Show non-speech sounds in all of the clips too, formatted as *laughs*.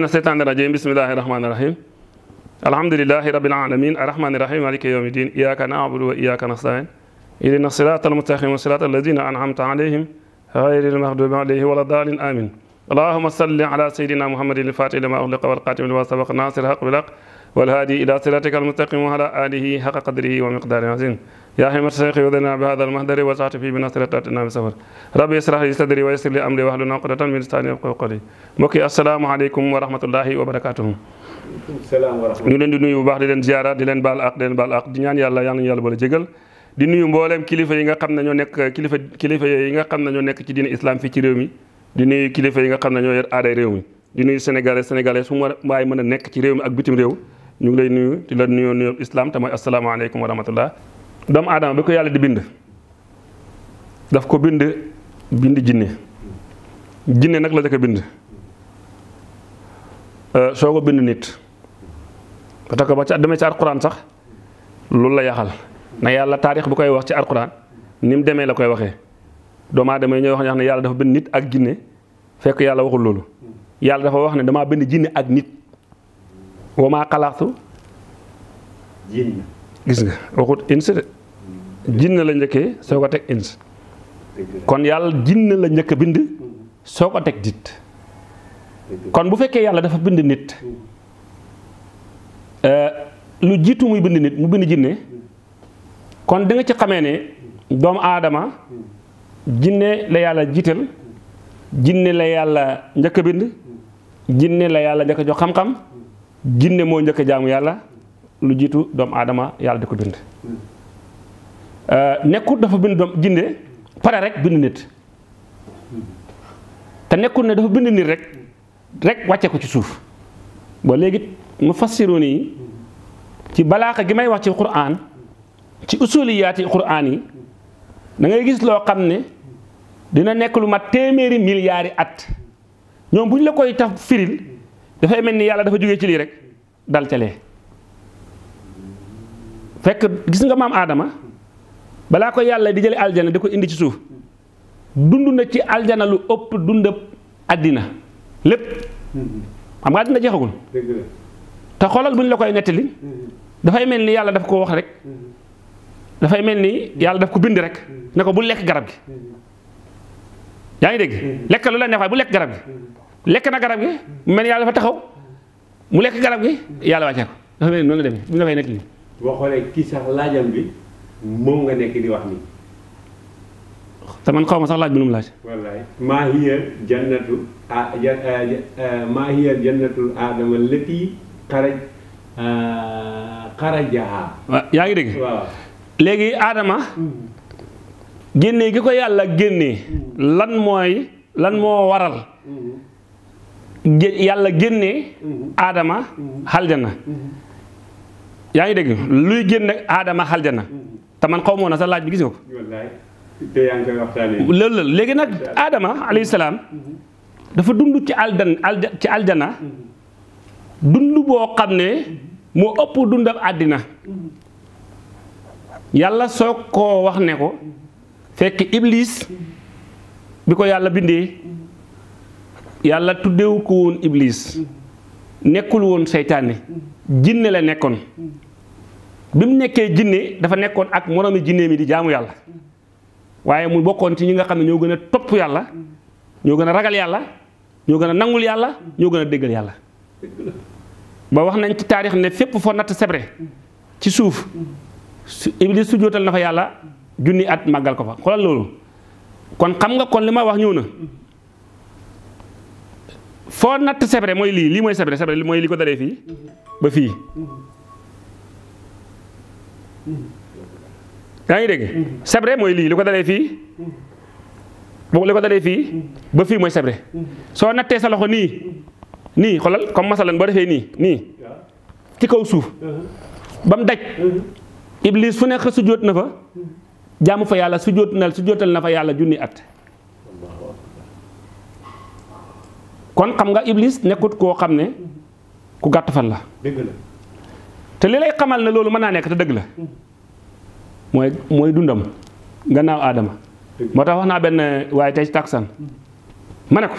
mina seytaani rajiim bismillaahi rahmaani rahiim alhamdulillaahi rabbil aalamiin arrahmaani rahiim maaliki yawmi diin iyyaaka na'budu wa iyyaaka nasta'iin ihdina siraatal mustaqiim siraatal laziina an'amta alayhim ghayril maghduubi alayhim wa lad-daalliin aamiin allahumma salli ala sayyidina muhammadin al-faatihi limaa ughliqa wal xaatimi limaa sabaqa naasiril haqqi bil haqqi wal haadii ilaa siraatikal mustaqiim wa ala aalihi haqqa qadrihi wa miqdaarihil aziim يا حمد الشيخ يودنا بهذا المهدر وسعت فيه بنصر تاتنا بسفر ربي ñu leen di nuyu bu baax di leen ziara di leen baal ak di leen baal ak di ñaan yàlla yàlla ñu yàlla kilifa yi nga xam ne ñoo nekk kilifa kilifa yi nga xam ne ñoo nekk ci diine islam fii ci réew mi di nuyu kilifa yi nga xam ne ñoo yor aaday réew mi di nuyu sénégalais sénégalais su ma waaye mën nekk ci réew mi ak bitim réew ñu ngi lay nuyu di la nuyu nuyu islam te mooy asalaamaaleykum wa rahmatullah doomu aadama bi ko yàlla di bind daf ko bind bind jinne jinne nag la jëkk a bind euh, soo ko bind nit parce que ba ca demee ci sax loolu la yaxal na yàlla taarix bu koy wax ci alxuraan ni mu demee la koy waxee doomu aadama yi ñooy wax ne yàlla dafa bind nit ak jinne fekk yàlla waxul loolu yàlla dafa wax ne damaa bind jinne ak nit wa maa xalaatu gis nga waxut ins de jinne la njëkkee soo ko teg ins kon yàlla jinne la njëkk a bind soo ko teg nit kon bu fekkee yàlla dafa bind nit eh, lu jiitu muy bind nit mu bind jinne kon di nga ci xamee ne doomu aadama jinne la yàlla jiital jinne la yàlla njëkk a bind jinne la yàlla njëkk jox xam-xam jinne moo njëkk a jaamu yàlla lu jiitu doomu aadama yàlla di ko bind euh, nekkut dafa bind doom jinde pare rek bind nit te nekkut ne dafa bind nit rek rek wàcce ko ci suuf ba léegi mu fassiroon yi ci balaaxa gi may wax ci quraan ci usuliyaati quraan yi dangay gis loo xam ne dina nekk lu mat téeméeri milliards at ñoom bu ñu la koy taf firil dafay mel ni yàlla dafa jógee ci lii rek dal ca lee fekk gis nga maam aadama balaa ko yàlla di jële aljana di ko indi ci suuf dund na ci aljana lu ëpp dundab àddina lépp xam nga àddina jeexagul te xoolal bu ñu la koy nettali dafay mel ni yàlla daf ko wax rek dafay mel ni yàlla daf ko bind rek ne ko bu lekk garab gi yaa ngi dégg lekk la neex bu lekk garab gi lekk na garab gi mu mel ni yàlla dafa taxaw mu lekk garab gi yàlla wàccee ko dafa mel ni noonu la bu ñu la koy boo xoolee kii sax laajam bi moom nga nekk di wax nii. te xaw ma sax laaj bi nu mu laaj. wallaay jannatu ah jannatul aadama lati xaraj xarajaha. yaa ngi dégg. waaw léegi aadama. Mm-hmm. génne gi ko yàlla génne. Mm-hmm. lan mooy lan moo waral. Mm-hmm. yàlla génne. aadama xaljana. yaa ngi dégg luy génn aadama xaljana te man xaw moo na sa laaj bi gis nga ko loolu la léegi nag aadama alayhi salaam dafa dund ci aldan ci aljana dund boo xam ne moo ëpp dundam àddina yàlla soo koo wax ne ko fekk iblis bi ko yàlla bindee yàlla tuddewu ko woon iblis nekkul woon seytaane jinne la nekkoon bi mu nekkee jinne dafa nekkoon ak moroomi jinne mi di jaamu yàlla waaye mu bokkoon ci ñi nga xam ne ñoo gën a topp yàlla ñoo gën a ragal yàlla ñoo gën a nangul yàlla ñoo gën a déggal yàlla ma wax nañ ci taarix ne fépp foo natt sebre ci suuf iblis su na fa yàlla junni at màggal ko fa xoolal loolu kon xam nga kon li ma wax ñëw na foo natt sebre mooy lii lii mooy sebre sebre mooy li ko dalee fii ba fii yaa ngi dégg sebre mooy lii li ko dalee fii boobu li ko fii ba fii mooy sebre soo nattee sa loxo nii nii xoolal comme masalan boo defee nii nii ci kaw suuf ba mu daj iblis fu nekk sujjóot na fa jaamu fa yàlla sujjóot na sujjóotal na fa yàlla junni at kon xam nga Iblis nekkut koo xam ne ku gàtt fan la. dëgg la te li lay xamal ne loolu ma naa nekk te dëgg la mm. mooy mooy dundam gannaaw aadama. moo tax wax naa benn waaye tey ci taksan mm. ma ne ko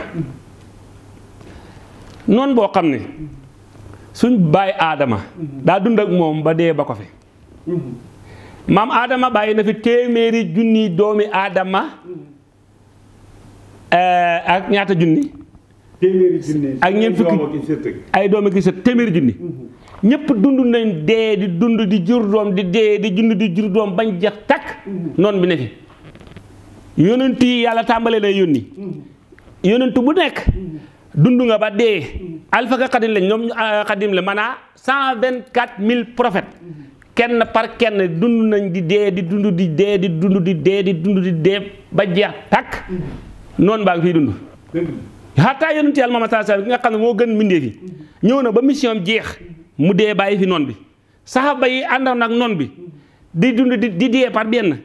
noonu boo xam ne suñ bàyyi aadama mm. daa dundak moom ba dee ba ko fi maam aadama bàyyi na fi téeméeri junni doomi aadama eh, ak ñaata junni téeméeri junni ak ñeent fukki ay doom ak i sët junni mhm. ñëpp dund nañ dee di dund di jur doom di dee di dund di jur doom bañ jeex takk mhm. noonu bi ne fi yonent yi yàlla tàmbalee mhm. lay bu nekk dund nga ba dee alfa lañ ñoom ah, xadim la maanaa cent vingt quatre mille prophètes kenn par kenn dund nañ di dee di dund di dee di dund di dee di dund di dee ba jeex takk noonu baa ngi fiy dund xataa yonent yàlla Muhammad sallallahu alayhi ki nga xam ne moo gën mbindee fi ñëw na ba mission jeex mu dee bàyyi fi noon bi saxaaba yi àndoon ak noon bi di dund di di dee par benn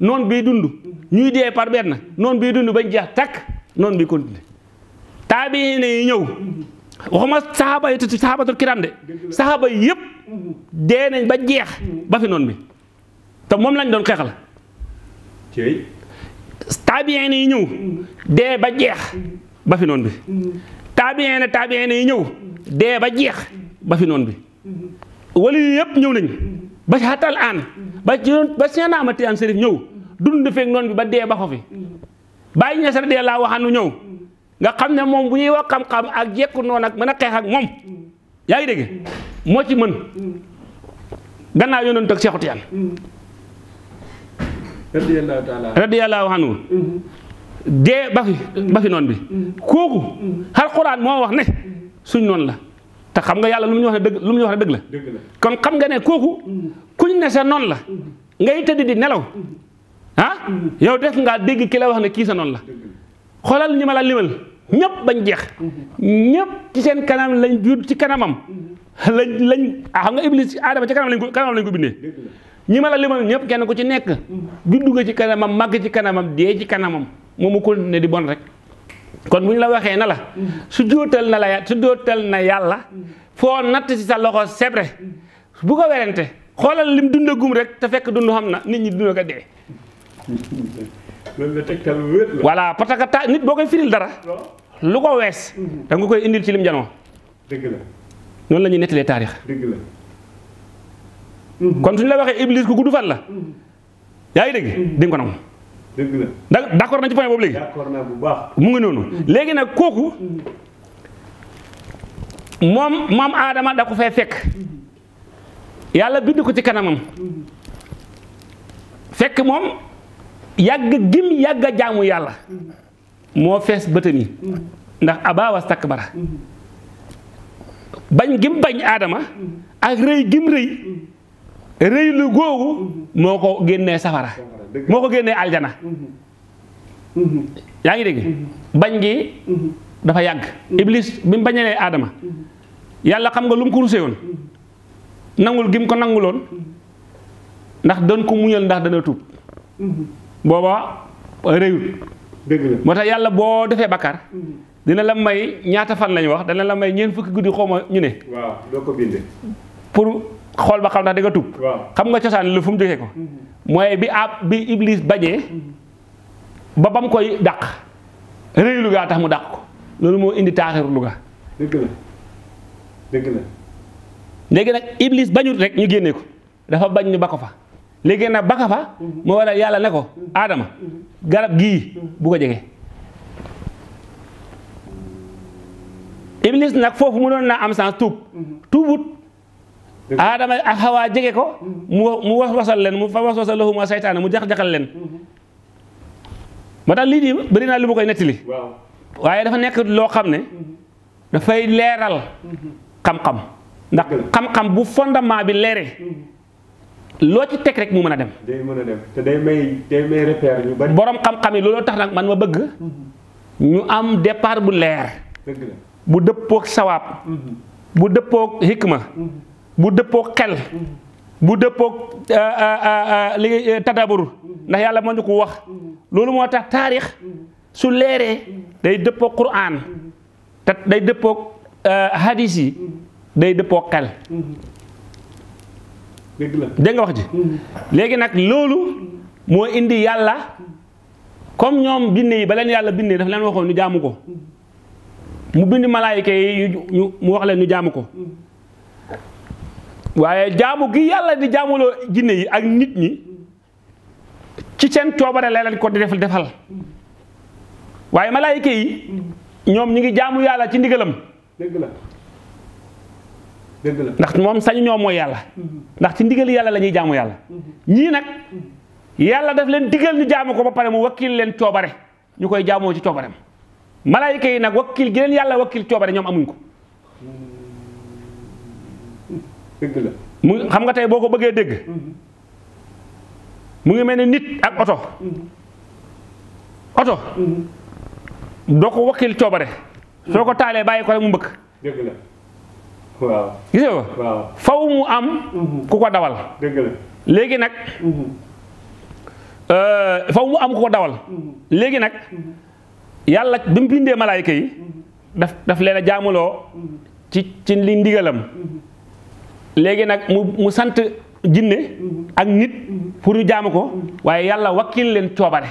noon bii dund ñuy dee par benn noon bii dund bañ jeex takk noon bi continué taabiin yi ñëw waxuma saxaaba yi saxaabatul kiram de saxaaba yi dee nañ ba jeex ba fi noon bi te moom lañ doon xeex xeexal taabiin yi ñëw dee ba jeex ba fi noon bi taabiyeen na yi ñëw dee ba jeex ba fi noon bi wala yépp ñëw nañ ba xatal aan ba ci ba seen amati an sërif ñëw dund feeg noon bi ba dee ba ko fi bàyyi ña sara dee ñëw nga xam ne moom bu ñuy wax xam-xam ak jekku noonu ak mën a xeex ak moom yaa ngi dégg moo ci mën gannaaw yónnoon toog Seexu Tijaan dee ba fi ba fi noon bi kooku alxuraan moo wax ne suñ noonu la te xam nga yàlla lu mu wax ne dëgg lu wax ne dëgg la kon xam nga ne kooku kuñ ne sa noonu la ngay tëdd di nelaw ah yow def ngaa dégg ki wax ne kii sa noonu la xoolal ñi ma la limal ñëpp bañ jeex ñëpp ci seen kanam lañ judd ci kanamam lañ lañ ah xam nga iblis aadama ci kanam lañ ko kanamam lañ ko bindee ñi ma la limal ñëpp kenn ku ci nekk juddu nga ci kanamam màgg ci kanamam dee ci kanamam moom mu ne di bon rek kon bu ñu la waxee na la su jóotal na la na yàlla foo natt si sa loxo sebre bu ko werante xoolal lim dund gum rek te fekk dund xam na nit ñi dund ko dee loolu la tegtal que ta nit boo koy firil dara lu ko wees da nga koy indil ci lim janoo dëgg noonu lañuy ñuy nettalee taarix dëgg la kon suñu la waxee iblis ku gudd fan la mm-hmm. yaa ngi dégg mm-hmm. di ko nangu dëgg la d' accord nañ ci point boobu léegi. bu baax. mu ngi noonu léegi nag kooku moom moom aadama da ko fay fekk yàlla bind ko ci kanamam fekk moom yàgg gim yàgg jaamu yàlla moo fees bëtam yi ndax abaa wastakbara bañ gim bañ Adama ak rëy gim rëy rëy lu googu moo ko génnee safara. moo ko génnee aljana mm-hmm. yaa ngi dégg mm-hmm. bañ gi mm-hmm. dafa yàgg iblis bi mu bañalee aadama yàlla xam nga lu mu ko rusee woon nangul gi mu ko nanguloon ndax doon ko muñal ndax dana tuub booba réyut moo tax yàlla boo defee bakkaar dina la may ñaata fan lañu wax dana la may ñeent fukki guddi xaw ma ñu ne pour xool ba xam ndax da nga nga cosaan la fu mu jógee ko mhm. mooy bi ab bi iblis bañee mhm. ba bam koy daq réyu lugaa tax mu daq ko loolu moo indi taaxiru luga dëgg léegi nag iblis bañut rek ñu génnee ko dafa bañ ñu bakko fa léegi nag baka fa mhm. moo waral yàlla ne ko aadama garab gii bu ko jege iblis nag foofu mënoon naa am sens tuub tuubut aadama ak xawaa jege ko mu mu was wasal leen mu fa was wasal lahuma saytaane mu jax-jaxal leen ma tax lii di bëri naa lu ma koy nettali waaye dafa nekk loo xam ne dafay leeral xam-xam ndax xam-xam bu fondement bi leere loo ci teg rek mu mën a dem. day borom xam-xam yi looloo tax nag man ma bëgg. ñu am départ bu leer. dëgg la bu dëppoog sawaab. Mhm. bu dëppoog hikma. Mhm. bu dëppoo xel bu dëppook euh, euh, euh, li tadabur ndax yàlla moo ñu ko wax loolu moo tax taarix su leeree day dëppoo Qur'an te day dëppook hadis yi day dëppoo xel. dégg wax ji. léegi nag loolu moo indi yàlla comme ñoom bind yi ba leen yàlla bindee daf leen waxoon ñu jaamu ko mu bind malaayika yi ñu mu wax leen ñu jàmm ko. waaye jaamu gi yàlla di jaamuloo jinne yi ak nit ñi ci seen coobare la leen ko di def defal waaye malaayika yi ñoom ñu ngi jaamu yàlla ci ndigalam ndax moom sañu ñoom mooy yàlla ndax ci ndigal yàlla lañuy ñuy jaamu yàlla ñii nag yàlla daf leen digal ñu jaamu ko ba pare mu wakkil leen coobare ñu koy jaamoo ci coobareem malaayika yi nag wakkil gi yàlla wakkil coobare ñoom amuñ ko dëgg la mu xam nga tey boo ko bëggee dégg. Mm-hmm. mu ngi mel ni nit ak oto. Mm-hmm. oto. Mm-hmm. doo ko wakkil coobare. soo ko taalee bàyyi ko rek mu mbëkk. dëgg la faw mu am. ku ko dawal. léegi nag. faw mu am ku ko dawal. léegi nag yàlla bi mu bindee malaayka yi. daf daf leen a jaamuloo. ci ci li ndigalam. léegi nag mu mu sant jinne ak nit pour ñu jaamu ko waaye yàlla wakkil leen coobare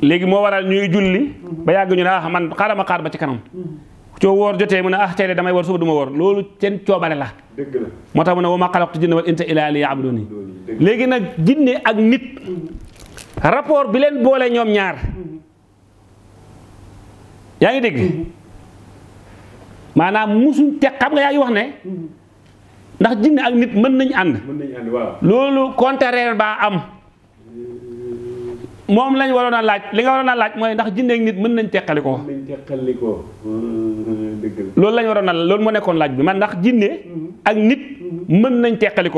léegi moo waral ñuy julli ba yàgg ñu ne ah man xaaral ma xaar ba ci kanam coo woor jotee mu ne ah tey damay woor suba du ma woor loolu seen coobare la moo tax mu ne wa ma xalaqtu jinne wal insa illa liya'buduni léegi nag jinne ak nit rapport bi leen boolee ñoom ñaar yaa ngi dégg maanaam musuñ te xam nga yaa ngi wax ne ndax jinne ak nit mën nañ ànd. mën nañ ànd waaw loolu contraire ba am moom lañ waroon a laaj li nga waroon a laaj mooy ndax jinne ak nit mën nañ teqali nañ teqali loolu lañ waroon a loolu moo nekkoon laaj bi man ndax jinne ak nit mën nañ teqali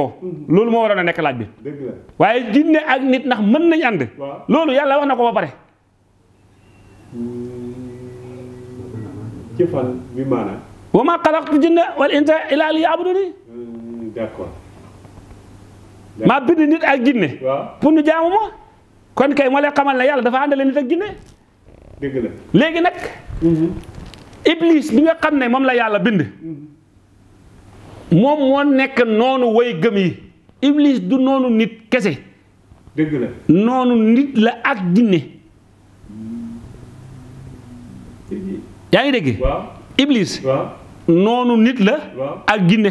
loolu moo waroon a nekk laaj bi. dëgg waaye jinne ak nit ndax mën nañ ànd. loolu yàlla wax na ko ba pare. ci fan bi maanaam. wa maa xalaqtu jinna wal insa illaa hmm, maa bind nit ak jinne. pour ñu jaamu ma. kon kay moo lay xamal ne yàlla dafa àndale nit ak jinne. léegi nag. Hmm. iblis bi nga xam ne moom la yàlla bind. Hmm. moom moo nekk noonu way gëm yi. iblis du noonu nit kese. dëgg la noonu nit la ak jinne. yaa ngi dégg. iblis. noonu nit la. ak ginne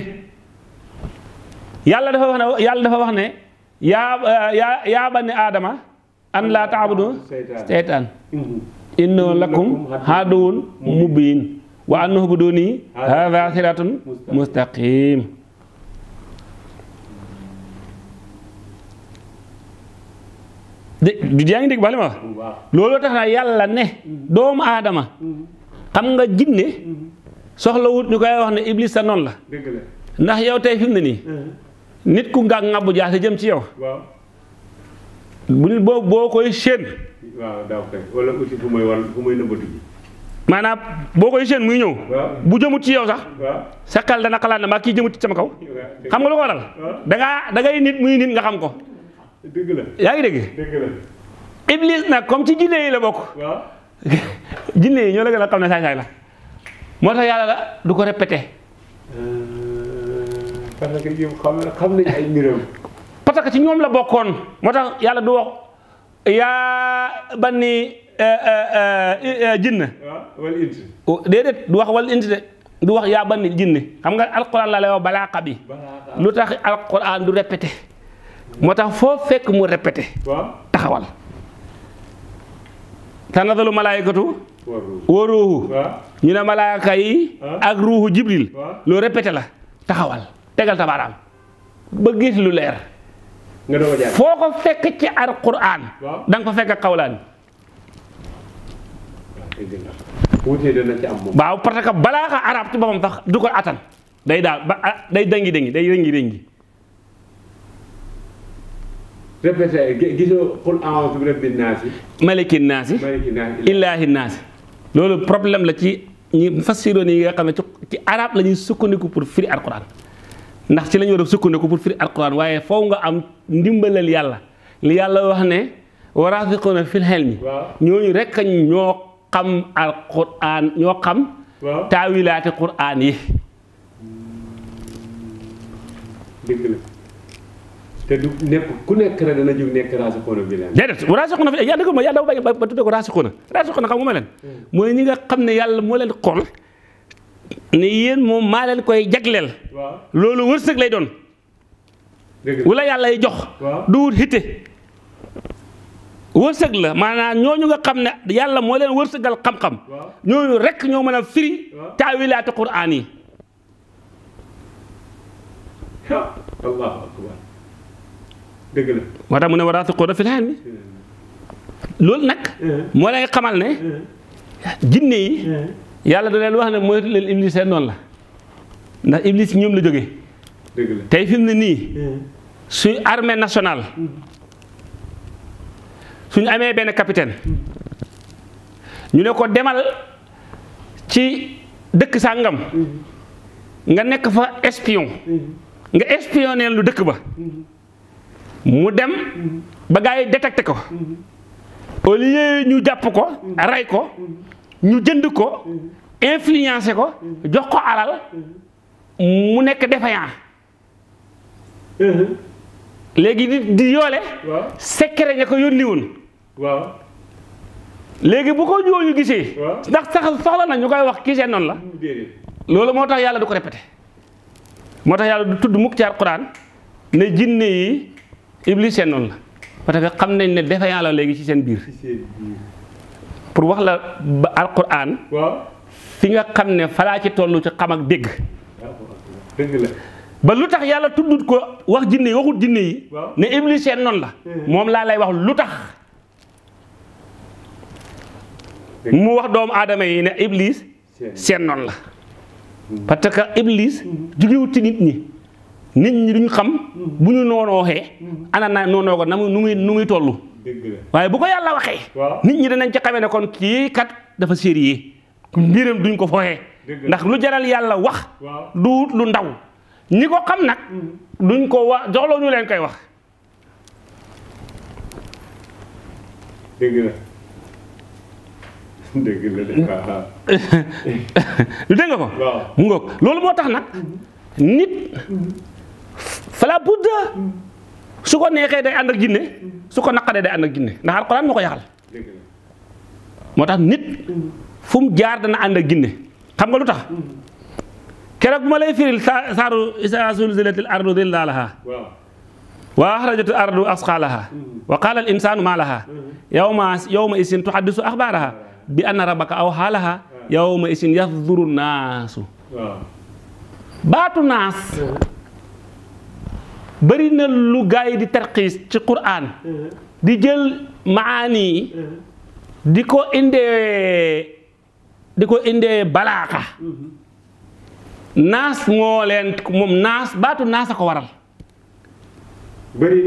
yàlla dafa wax ne yàlla dafa wax ne adama euh, yaa yaa bani aadama an laa taabudu seytaan innahu lakum aduwwun mubiin wa an u'buduni haadha siraatun mustaqiim de yaa ngi dégg ba li ma tax na yàlla ne doomu aadama mm-hmm. xam nga jinne soxlawut ñu koy wax ne iblis sa noonu la. ndax yow tey fi mu ne nii. Uh-huh. nit ku nga ngàbbu jaaxle jëm ci yow. bu bu boo boo koy séen. waaw wala aussi maanaam boo koy séen muy ñëw. bu jëmut ci yow sax. sa xel dana xalaat ne maa kii jëmut ci sama kaw. xam nga lu ko waral. da ngaa nit muy nit nga xam ko. yaa ngi dégg. dëgg la. iblis comme ci jinne yi la bokk. *laughs* jinne yi ñoo la gën a xam ne saay-saay la moo tax yàlla du ko répété. Euh, parce que ci ñoom la bokkoon moo tax yàlla du wax yaa bani euh, euh, jinne. waaw ah, wal inti. Oh, du wax wal inti de du wax yaa bani jinne xam nga alquran la lay wax balaaqa lu tax alquran du répété. moo tax foo fekk mu répété. taxawal. tanadalu malaayikatu wa ruuhu ñu ne malaayika yi ak ruuhu jibril loo répété la taxawal tegal tabaaraam ba gis lu leer foo ko fekk ci alquran da nga fa fekk xawlaan waaw parce que balaa xa arab ci boppam sax du ko attan day daal ah, day dangi dangi day dangi dangi répété gisoo qul naasi. illaahi naasi. loolu problème la ci ñi fassiroon yi nga xam ne ci arab la ñuy sukkandiku pour firi alquran ndax ci la war a sukkandiku pour firi alquran waaye fow nga am ndimbalal yàlla li yàlla wax ne waraasiquuna fil ilmi. ñooñu rek ñoo xam alquran ñoo xam. taawilaati quran yi. te du nekk ku nekk rek dana jóg nekk raasixuuna bi leen. déedéet raasixuuna fi yàlla ko ma yàlla dafa bàyyi ba tuddee ko raasixuuna raasixuuna xam nga ma leen. Hmm. mooy ñi nga xam ne yàlla moo leen xool ne yéen moom maa leen koy jagleel. waaw loolu wërsëg lay doon. dëgg wala yàlla lay jox. du wut hitte. wërsëg la maanaam ñooñu nga xam ne yàlla moo leen wërsëgal xam-xam. ñooñu rek ñoo mën a firi. waaw taawilaatu quraan yi. allahu akbar dëgg la moo tax mu ne waraatiquuna fil ilmi loolu nag. Eh. moo lay xamal ne. Eh. jinne yi. Eh. yàlla da leen wax ne moytu leen iblis seen noonu la ndax iblis ñoom la jógee. tey fi mu ne nii. suñu armée nationale. Hmm. suñu amee benn capitaine. ñu ne ko demal ci dëkk sàngam. Hmm. nga nekk fa espion. Hmm. nga espionné lu dëkk ba. mu dem ba gars yi détecté ko au ñu jàpp ko rey ko ñu jënd ko influencé ko jox ko alal mu nekk défaillant léegi di di yoole secret ña ko yónni woon waaw léegi bu ko ñooñu gisee ndax sax saxla na ñu koy wax kii seen noonu la loolu moo tax yàlla du ko répété moo tax yàlla du tudd mukk ci alxuraan ne jinne yi Iblis seen noonu la parce que xam nañ ne defe yàlla léegi ci seen biir pour wax la ba alquran fi nga xam ne falaa ci toll ci xam ak dégg ba lu tax yàlla tuddut ko wax jinne yi waxut jinne yi ne Iblis seen noon la eh. moom laa lay wax lu tax mu wax doomu aadama yi ne Iblis seen noonu la hmm. parce que Iblis hmm. jugewut ci nit ñi nit ñi duñ xam bu ñu noonooxee ana na noonoo ko na mu nu muy nu muy waaye bu ko yàlla waxee nit ñi danañ ci xamee ne kon kii kat dafa sérieux mbiram duñ ko foxee ndax lu jaral yàlla wax du lu ndaw ñi ko xam nag mm-hmm. duñ ko wax joxloo ñu leen koy wax *laughs* *laughs* dégg la dégg ko mu ngoog loolu moo tax nag mm-hmm. nit mm-hmm. fala budda su ko neexee day ànd ak jinne su ko naqaree day ànd ak jinne ndax alxuraan moo ko yaxal moo tax nit fu jaar dana ànd ak jinne xam nga lu tax keroog bu ma lay firil saa saaru izaa zulzilatil ardu zilaalahaa wa axrajatil ardu asqaalahaa wa qaala al maa lahaa yawma yawma isin tuhaddisu axbaarahaa bi anna rabbaka awhaa lahaa yawma isin yasduru naasu baatu naas bëri na lu yi di tarxiis ci Qur'an uh-huh. di jël maani uh-huh. di ko indee di ko indee balaaxa uh-huh. naas moo leen moom naas baatu naas a ko waral. bëri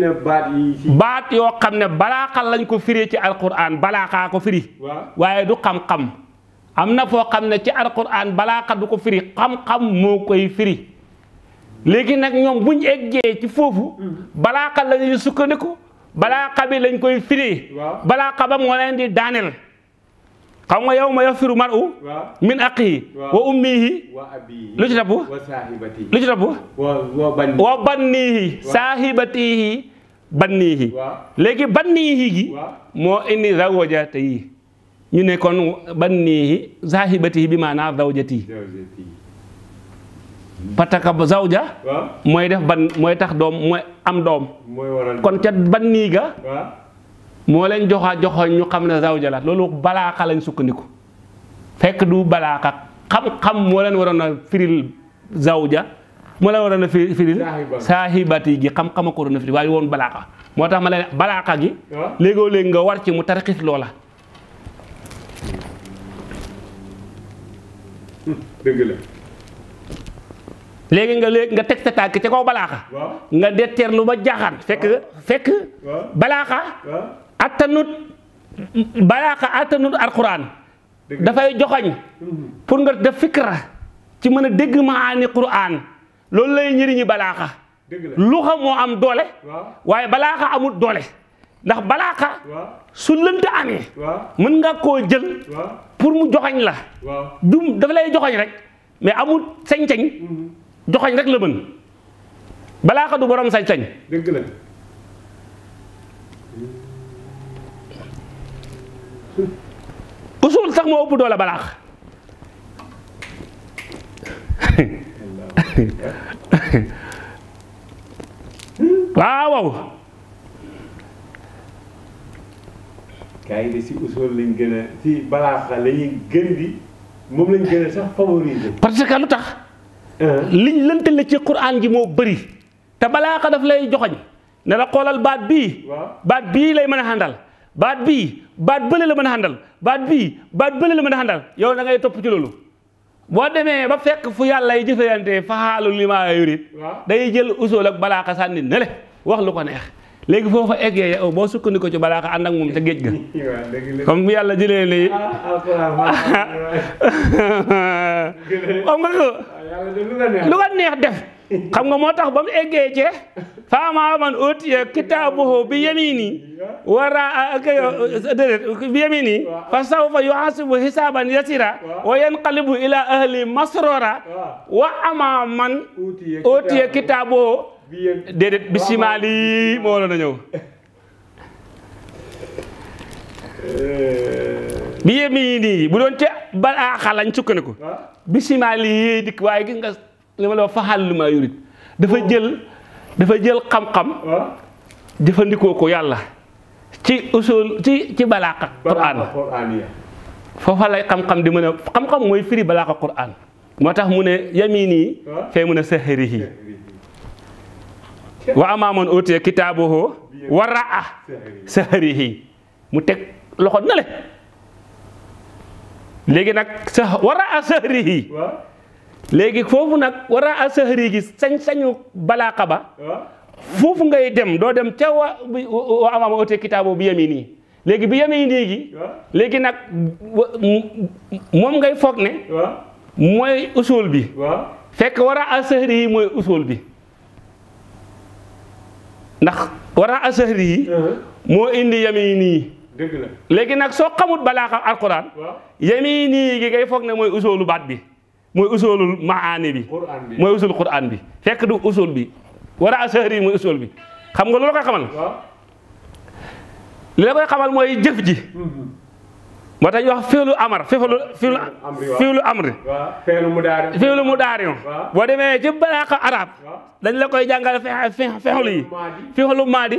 baat yoo xam ne balaaxa lañ ko firi ci alquran balaaxaa ko firi. waaye du xam-xam. am na foo xam ne ci alquran balaaxa du ko firi xam-xam moo koy firi. léegi nag ñoom buñ eggee ci foofu balaa xa la sukkandiku balaa xa bi lañ koy firi balaa xa ba moo leen di daaneel xam nga yow ma yafiru mar'u min aqihi wa ummihi lu bannihi moo indi zawjata yi ñu ne kon bannihi saahibatihi bi maanaa zawjati pataka que bu zawja mooy def ban mooy tax doom mooy am doom kon ca ban nii ga moo leen joxa joxoñ ñu xam ne zawja la loolu balaaxa lañ sukkandiku fekk du balaaxa xam-xam moo leen waroon a firil zawja moo leen waroon a firil saahibati gi xam-xam a ko waroon a firil waaye woon balaaxa moo tax ma leen balaaxa gi léegoo léegi nga war ci mu tarxis loola dëgg léegi nga léegi nga teg sa tànk ca kaw balaaxa nga detteer lu ma jaaxaan fekk fekk balaaxa attanut balaaxa attanut alquran dafay joxoñ mhm. pour nga def fikra ci mën a dégg maani quran loolu lay njëriñu balaaxa lu xam moo am doole waaye balaaxa amul doole ndax balaaxa su lënt amee mën nga koo jël pour mu joxoñ la du dafa lay joxoñ rek mais amul sañ-sañ mhm. joxoñ rek la mën balaa du borom sañ-sañ. dëgg la. usul sax moo ëpp doole balaax waaw. gars yi de si usul lañ gën a si balaax la ñuy gën di moom lañ gën a sax favoriser. parce que lu tax. liñ lëntale ci quraan gi moo bëri te balaaxa daf lay joxoñ ne la xoolal baat bii baat bii lay mën a xàndal baat bii baat bële la mën a xàndal baat bii baat bële la mën a xàndal yow da topp ci loolu boo demee ba fekk fu yàlla yi jëfeyante faxaalu li maa yurit day jël usool ak balaaxa sànni ne wax lu ko neex léegi foofa eggee boo sukkandiku ci balaa ko ànd ak moom ca géej ga *laughs* comme bu yàlla jëlee lii *laughs* nga ko lu neex def xam nga moo tax ba mu eggee ci faamaa man utiya kitaabahu bi yamini wara déedéet bi yamini fa sawfa yuhasibu hisaaban yasira wa yanqalibu ila ahli masrora wa ama man utiya kitaabahu déedéet bisimilah moo waroon a ñëw. Eh. bi yéem bu doon ca ba xalaat lañ sukkandiku. bisimilah dikk waaye gis nga li la wax faxal lu ma yurit dafa oh. jël dafa jël xam-xam. jëfandikoo ko yàlla. ci usul ci ci balaaqa Qur'an foofa lay xam-xam di mën a xam-xam mooy firi balaaqa Qur'an. moo tax mu ne yamini fee mun a sahrihi wa amaa man ootiya kitaabahu waraa sahrihi mu teg loxo na le léegi nag sa waraa sahrihi léegi foofu nag waraa sahri gi sañ-sañu balaaxa ba foofu ngay dem doo dem tew wa wa amaa man ootiya bi yaminihi léegi bi yamee nii gi léegi nag moom ngay foog ne mooy usul bi fekk wara asahri yi mooy bi ndax wara asahri yi uh-huh. moo indi yamini nii dëgg la léegi nag soo xamut balaa xam alquran yamini yi gi ngay foog ne mooy usoolu baat bi mooy usoolul maani bi mooy usul quran bi fekk du usul bi wara asahri yi mooy usul bi xam nga loolu koy xamal li la koy xamal mooy jëf ji mm-hmm. moo tax ñu wax fiilu amar fiilu fiilu fiilu amri mu mudaari boo demee ci balaaxa arab dañ la koy jàngal fexlu yi fiilu maadi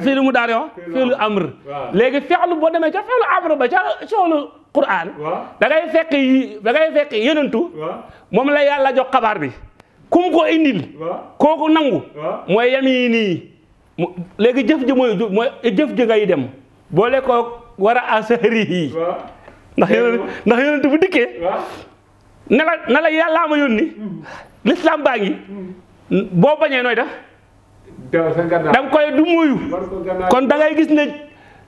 fiilu mudaari fiilu amr léegi fexlu boo demee ca fiilu amr ba ca soolu Qur'an da ngay fekk yi da ngay fekk yenentu moom la yàlla jox xabaar bi kum ko indil kooku nangu mooy yam yi nii léegi jëf ji mooy mooy jëf ji ngay dem boole koo war a asari yi ndax yonent ndax yonent bu dikkee ne la ne la ma yónni mm-hmm. lislaam baa ngi mm-hmm. boo bañee nooy def da nga koy kon da gis ne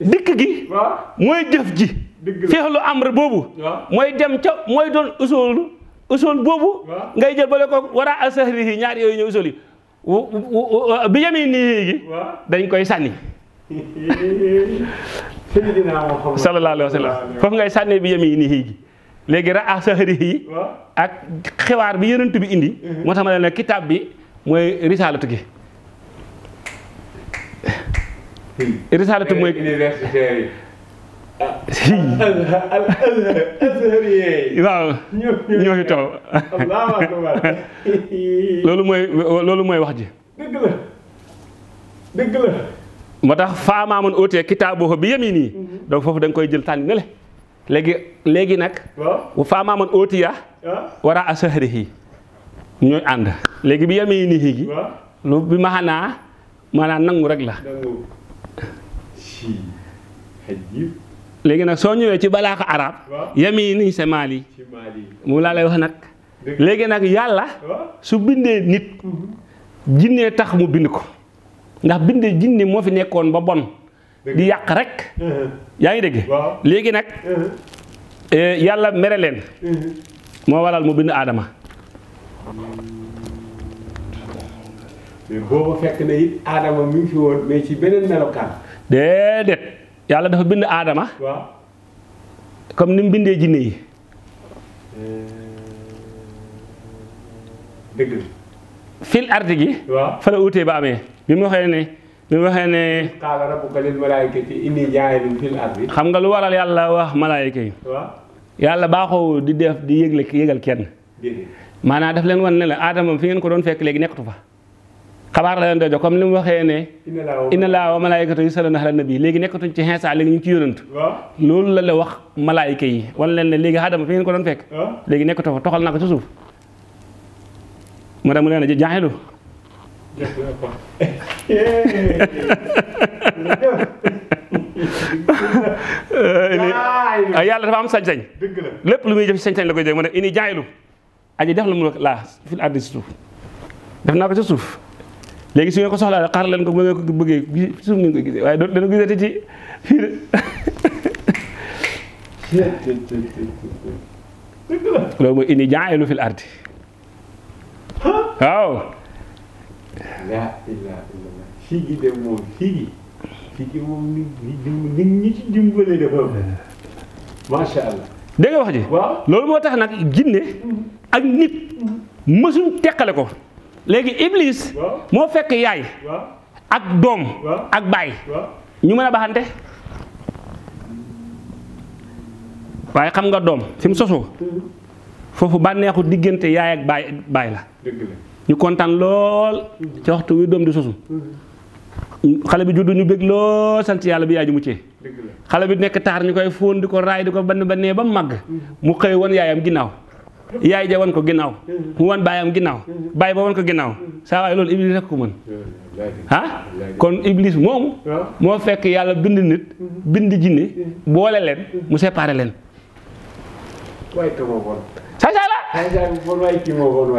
dikk gi mooy jëf ji feexlu amr boobu mooy dem ca mooy doon usoolu usool boobu ngay jël bale ko war a asahri yi ñaar yooyu ñu usool yi bi yemi nii gi dañ koy sànni *laughs* sallallahu alayhi wa sallam foofu ngay sànnee bi yemi nii gi léegi raa sahari ak xibaar bi yonent bi indi mhm. moo tax ma ne kitaab bi mooy risaalatu gi *laughs* risaalatu mooy eh, universitaire *laughs* yi waaw ñoo fi taw loolu mooy loolu mooy wax ji moo tax faamaa man ootee kitaabuhu bi yaminihi donc foofu da nga koy jël tànn ne le léegi léegi nag. waaw faamaa man ootiya. wara asahrihi ñooy ànd léegi bi yaminihi gi. lu bi nangu rek la. nag soo ñëwee ci balaa ko arab yamini c'est Mali moom laa lay wax nag léegi nag yàlla su bindee nit mhm. jinnee tax mu bind ko ndax bind jinne moo fi nekkoon ba bon di yàq rek yaa ngi dégg léegi nag eh, yàlla mere leen moo waral mu bind aadama mais ci beneen yàlla dafa bind aadama. waaw comme ni mu bindee jinne yi. Euh, fil arti gi. waaw la uutee ba amee. bi mu waxee ne bi mu waxee ne qaala rabbuka xam nga lu waral yàlla wax malaayika yi yàlla baaxoo di def di yëgle yëgal kenn maanaam def leen wan ne la aadama fi ngeen ko doon fekk léegi nekkatu fa xabaar la leen doon ni mu waxee ne inna laa wa malaayikatu yusalluuna ala nabi léegi nekkatuñ ci Iisaa léegi ñu ngi ci yonant loolu la la wax malaayika yi wan leen ne léegi aadama fi ngeen ko doon fekk léegi nekkatu fa toxal naa ko ci suuf mu dem mu leen a jaaxilu yàlla dafa am sañ-sañ. lépp lu muy def sañ-sañ la koy def mu ne ini jaayilu aji def lu mu la fil ardi si suuf def na ko ci suuf léegi su ngeen ko soxlaa xaar leen ko bu ngeen ko bëggee gis suuf ko gisee waaye doo dana gisati ci *laughs* ini jaayilu fil ardi waaw. laa wax ji. waaw loolu moo tax nag jinne mm-hmm. ak nit mm-hmm. mësuñ teqale ko léegi iblis. moo fekk yaay. ak doom. ak baay. ñu mën a baxante waaye xam nga doom fi mu sosoo mm-hmm. foofu bànneexu diggante yaay ak baay baay la. ñu kontaan lool ci waxtu wi doom di sosu xale bi juddu ñu bëgg lool sant yàlla bi yaay ji muccee xale bi nekk taar ñu koy fóon di ko raay di ko ban bannee ba mu màgg mu xëy woon yaayam ginnaaw yaay ja woon ko ginnaaw mu wan baayam ginnaaw baay ba woon ko ginnaaw saa waaye loolu iblis rek ko mën ah kon iblis moomu moo fekk yàlla bind nit bind jinne boole leen mu séparé leen saay-saay la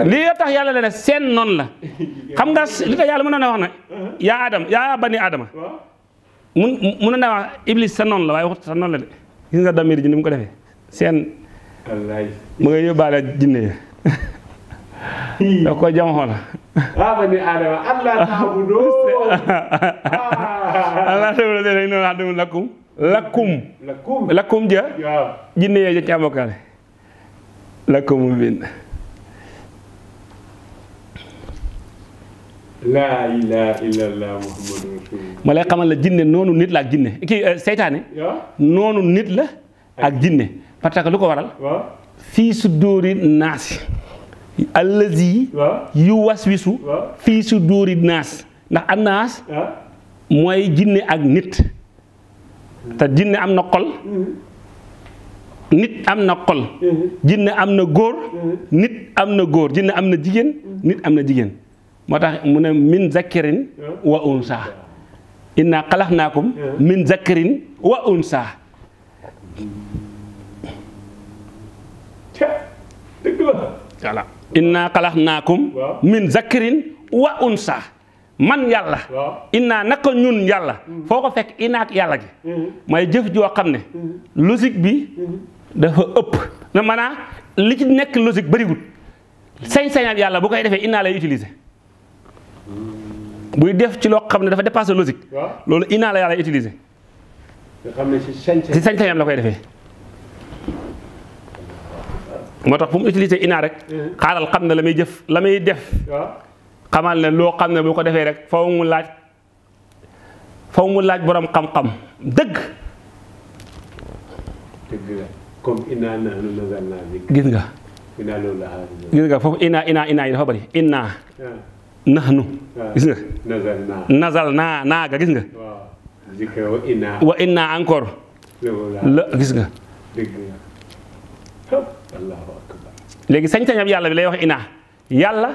lii yëpp tax yàlla la seen noon la xam nga li tax yàlla mën na wax na yaa Adam yaa bani Adama mun mun na wax Iblis sa noonu la waaye waxut sa noonu la de ko defee seen mu nga yóbbaale Adama lakkum lakkum lakkum ja jinne ya ja ci amokaale لكم منه laa ilaaha illallah lay xamal la jinne noonu nit la ak jinne euh, seytaane noonu nit la ak jinne parce que lu ko waral fii su dóori naas allazi yu waswisu fii su dóori naas ndax an mooy jinne ak nit te jinne am na xol mm-hmm. nit am na xol mm-hmm. jinne am na góor mm-hmm. nit am na góor jinne am na jigéen mm-hmm. nit am na jigéen moo tax mu ne miin zakarin wa unsa inna xalaxnaakum naa zakarin wa unsa dëgg la voilà inna xalaxnaakum min zakarin wa unsa man yàlla innaa naka ñun yàlla foo ko fekk inaak yàlla gi mooy jëf joo xam ne logique bi dafa ëpp na maanaam li ci nekk logique bëriwul sañ yàlla bu koy defee inaa lay utiliser buy def ci loo xam ne dafa dépassé logique. loolu inaa la yàlla utiliser. nga xam si sañ la koy defee. moo tax fu mu utiliser inaa rek. Mm-hmm. xaaral xam ne la may jëf la may def. xamal ne loo xam ne boo ko defee rek faw mu laaj faw mu laaj boroom xam-xam dëgg comme inna nahnu nazzalna zikra gis naa ga gis nga. Ah. Ah. zikra wa inna. wa inna gis nga. léegi sañ-sañam yàlla bi lay wax inna yàlla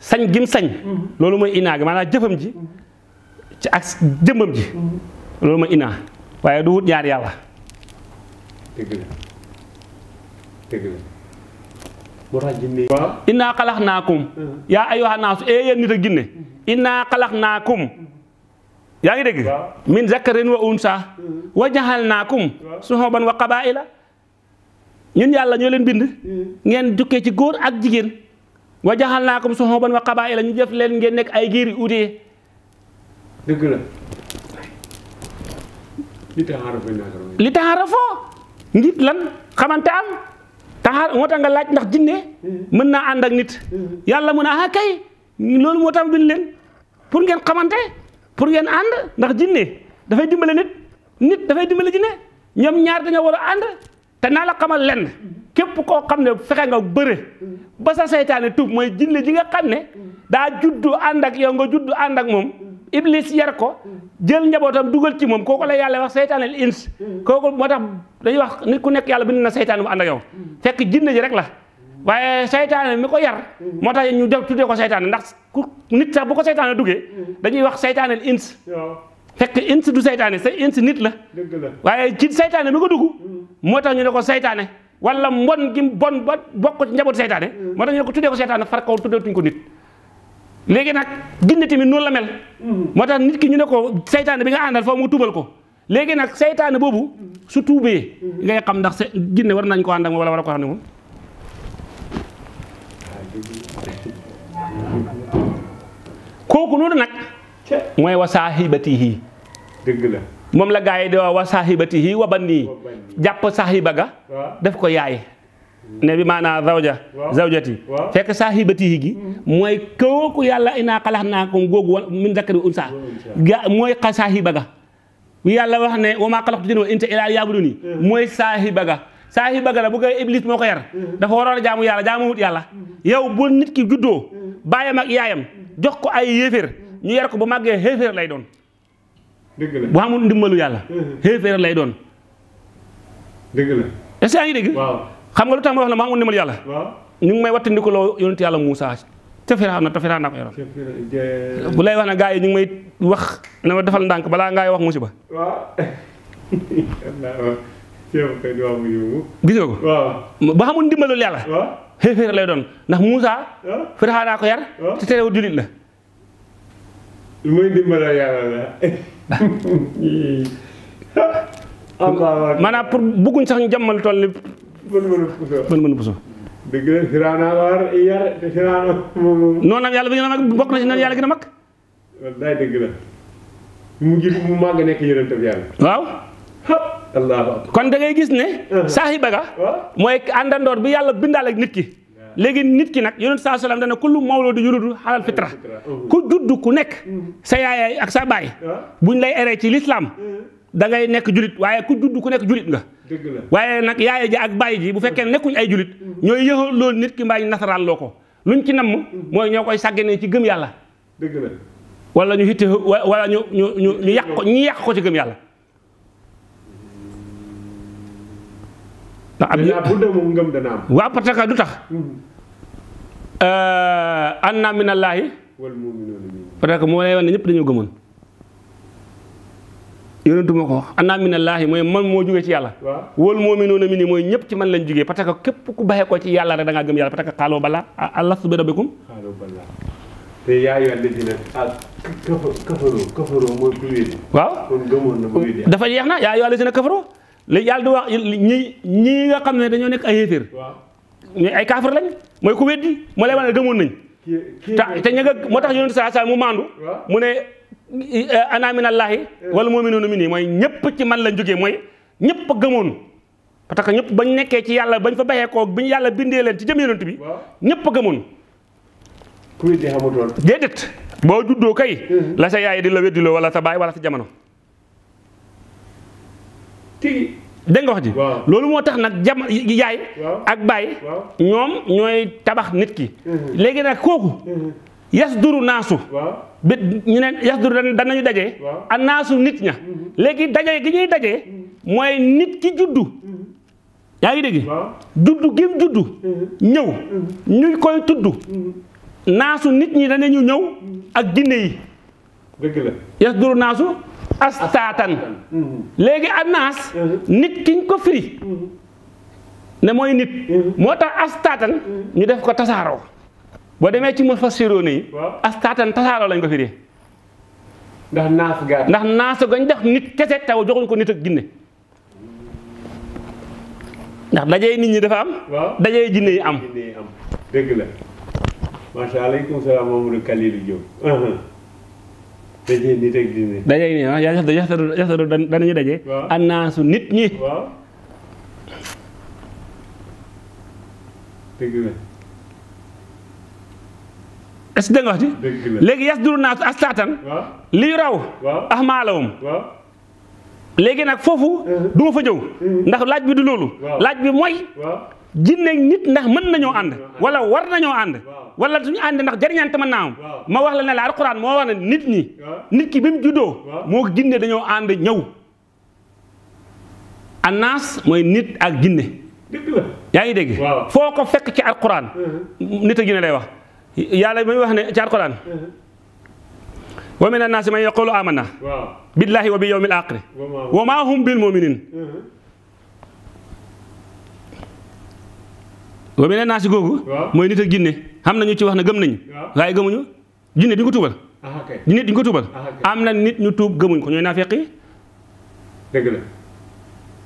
sañ gim sañ. Mm-hmm. loolu mooy inna gi maanaam jëfam ji. Mm-hmm. ak jëmbam ji. Mm-hmm. loolu mooy inna waaye du wut ñaar yàlla. moo tax jinne waaw innaa xalax naakum yaa ayyuha naasu ee yéen nit a ginne innaa xalax naakum yaa ngi dégg min zakarin wa unsa wa jaxal naakum suxoban wa qabaila ñun yàlla ñoo leen bind ngeen jukkee ci góor ak jigéen wa jaxal naakum suxoban wa qabaila ñu def leen ngeen nekk ay giir yu li taxaara foo ngir lan xamante am taxaar moo tax nga laaj ndax jinne mën naa ànd ak nit yàlla mu ne ah kay loolu moo tax bind leen pour ngeen xamante pour ngeen ànd ndax jinne dafay dimbale nit nit dafay dimbale jinne ñoom ñaar nga war a ànd te naa la xamal lenn képp koo xam ne fexe nga bëre ba sa seytaane tuub mooy jinne ji nga xam ne daa juddu ànd ak yow nga juddu ànd ak moom iblis yar ko jël njabootam dugal ci moom kooku la yàlla wax seytaanal ins mm. kooku moo tax dañu wax nit ku nekk yàlla bind na seytaan mu ànd ak yow mm. fekk jinne ji rek la waaye seytaane mi ko yar mm. moo tax ñu def tuddee ko seytaane ndax ku nit sax bu ko seytaane duggee dañuy wax seytaanal ins fekk ins du seytaane sa ins nit la waaye ci seytaane mi ko dugg moo tax ñu ne ko seytaane wala mbon gi mbon ba bokk ci njaboot seytaane moo tax ñu ne ko tuddee ko seytaane far kaw tuddatuñ ko nit léegi nag jinne tamit noonu la mel. moo tax nit ki ñu ne ko saytaane bi nga àndal foofu mu tuubal ko léegi nag seytaane boobu su tuubee. ngay xam ndax jinne war nañ ko ànd moom wala war a ko xam kooku noonu nag. mooy wa saahibatihi dëgg la. moom la gars yi di wax wa saahibatihi wa bannii jàpp saahiba ga daf ko yaay. ne bi maanaa zawja zawjati fekk saahibatihi gi mm-hmm. mooy kooku yàlla inaa xalax naa ko googu wa min zakari unsa ga mooy xa saahiba ga yàlla wax ne wa maa xalaxtu jinna wal insa illaa liya'buduni mm-hmm. mooy saahiba ga saahiba ga la bu ko iblis moo ko yar mm-hmm. dafa waroon a jaamu yàlla jaamuwut yàlla yow bu nit ki juddoo baayam ak yaayam jox ko ay yéeféer ñu yar ko bu màggee xéeféer lay doon bu amul ndimbalu yàlla lay doon xam nga lu tax ma wax la maa amoon ndimbal yàlla. ñu ngi may wattandiku loo yonent yàlla Moussa te firaaw na te firaaw naa ko wax na yi ñu ngi wax na ma defal ndànk balaa ngaa wax musiba. *laughs* gis nga ko. ba xamul ndimbalul yàlla. xeefeer lay doon ndax Moussa. firaaw ko yar. te terewul jullit la. lu *laughs* *laughs* pour bëgguñ sax ñu jàmmal tool mën mën puso dëgg yàlla bi gën a mag bokk na a mag. mu jiitu nekk yonent bi yàlla. waaw. kon da ngay gis ne. Uh-huh. saahiba ga mooy àndandoor bi yàlla bindaale nit ki. léegi nit ki nag yonent saa salaam dana kullu mawludu yuludu alal fitra uh-huh. ku judd ku nekk. Uh-huh. sa yaay ak sa baay. buñ lay eree ci lislaam da ngay nekk julit waaye ku dudd ku nekk julit nga waaye nag yaay ji ak bàyyi ji bu fekkee nekkuñ ay julit mm-hmm. ñooy yëxal loolu nit ki mbaa ñu nasaraan loo ko lu ñu ci nam mm-hmm. mooy ñoo koy sàgganee ci gëm yàlla dëgg wala ñu hitte wala ñu ñu yàq ñu yàq ko ci gëm yàlla ndax am waaw parce que du tax mm-hmm. euh, an na minallaahi parce que moo lay wan ne ñëpp dañoo gëmoon yonentu moo ko wax anaa minallaahi mooy man moo jógee ci yàlla wal mu'minuuna minni mooy ñëpp ci man lañ jógee parce képp ku baxee ko ci yàlla rek da gëm yàlla parce que xaaloo bala alastu bi rabbikum waaw dafa yeex na yaa yoon di nag kafaroo yàlla di wax ñi ñi nga xam ne dañoo nekk ay yéeféer ñooy ay kaafar lañ mooy ku wéet di moo lay wane gëmoon nañ te ña moo tax yonentu saa saa mu maandu mu ne Eh, ana minallaahi wala mu'minuuna minni mooy ñëpp ci man lañ jógee mooy ñëpp gëmoon parce que ñëpp bañ nekkee ci yàlla bañ fa baxee koo yàlla bindee leen ci jëm yonent bi ñëpp gëmoon déedéet boo juddoo kay mm-hmm. la sa di la wala sa baay wala sa jamono tigi ji loolu moo tax nag jam yaay ak baay ñoom tabax nit ki mm-hmm. nag kooku mm-hmm. yas naasu bi ñu ne yasdur danañu daje. annaasu nit ña. Mm-hmm. léegi daje gi ñuy daje. Mm-hmm. mooy nit ki juddu. Mm-hmm. yaa ngi dégg. juddu gim juddu. ñëw ñu koy tudd. naasu nit ñi danañu ñëw. ak jinne yi. dëgg la yasdur naasu. astaatan léegi annaas. nit kiñ ko firi. ne mooy nit. moo tax astaatan ñu def ko tasaaroo. boo demee ci mufassiroona yi astaatan tasaaroo lañ ko firee ndax naas ga ndax gañ def nit kese taw joxuñ ko nit ak jinne ndax dajee nit ñi dafa am dajee jinne yi am dëgg la macha allah aleykum salaam Mamadou Kalilou Diop uh-huh. dajee nit ak jinne dajee nit ñi dëgg est ce que dégg nga wax ji léegi yasduru naasu astaatan li raw ahmaalawum léegi nag foofu uh-huh. du ma uh-huh. ndax laaj bi du loolu laaj bi mooy jinne nit ndax mën nañoo ànd wala war nañoo ànd wala suñu ànd ndax jariñante mën naa ma wax la ne la wax ne nit ñi nit ki bi mu juddoo moo jinne dañoo ànd ñëw annaas mooy nit ak jinne yaa ngi dégg foo ko fekk ci alquran uh-huh. nit ak jinne lay wax yàlla muy wax ne ci alxuraan wa mina naasi man yaqulu amanna billaahi wa bi yawmil aaxiri wa maa hum bil mu'miniin wa mina naasi googu mooy nit ak jinne xam nañu ci wax ne gëm nañu waaye gëmuñu jinne duñ ko tuubal jinne duñ ko tuubal am na nit ñu tuub gëmuñ ko ñooy naa yi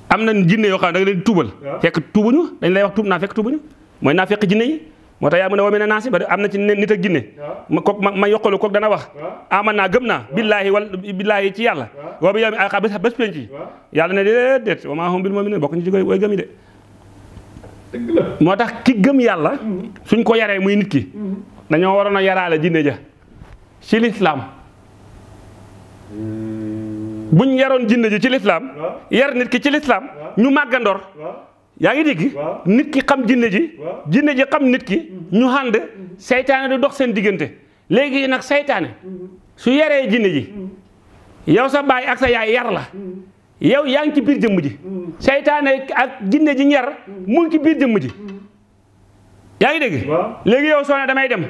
am na jinne yoo xam ne da nga leen tuubal fekk tuubuñu dañ lay wax tuub naa fekk tuubuñu mooy naafeq jinne yi moo tax yaa mu ne naa si ba am na ci nit ak ginne ma kook ma yoqalu kook dana wax aman naa gëm naa billaahi wal ci yàlla wa bi yawmi aaxir bés bés penc yàlla ne déedéet wa bokk ñu ci koy tax ki gëm yàlla mm-hmm. suñ ko yaree muy nit ki mm-hmm. dañoo waroon a yaraale jinne ja ci lislaam mm. buñ yaroon jinne ji ci lislaam yar nit ki ci lislaam ñu màggandoor yaa ngi dégg nit ki xam jinne ji jinne ji xam nit ki ñu ànd seytaane du dox seen diggante léegi nag seytaane su yaree jinne ji yow sa baay ak sa yaay yar la yow yaa ngi ci biir jëmm ji seytaane ak jinne ji ñar mu ci biir jëmm ji yaa ngi dégg léegi yow soo ne damay dem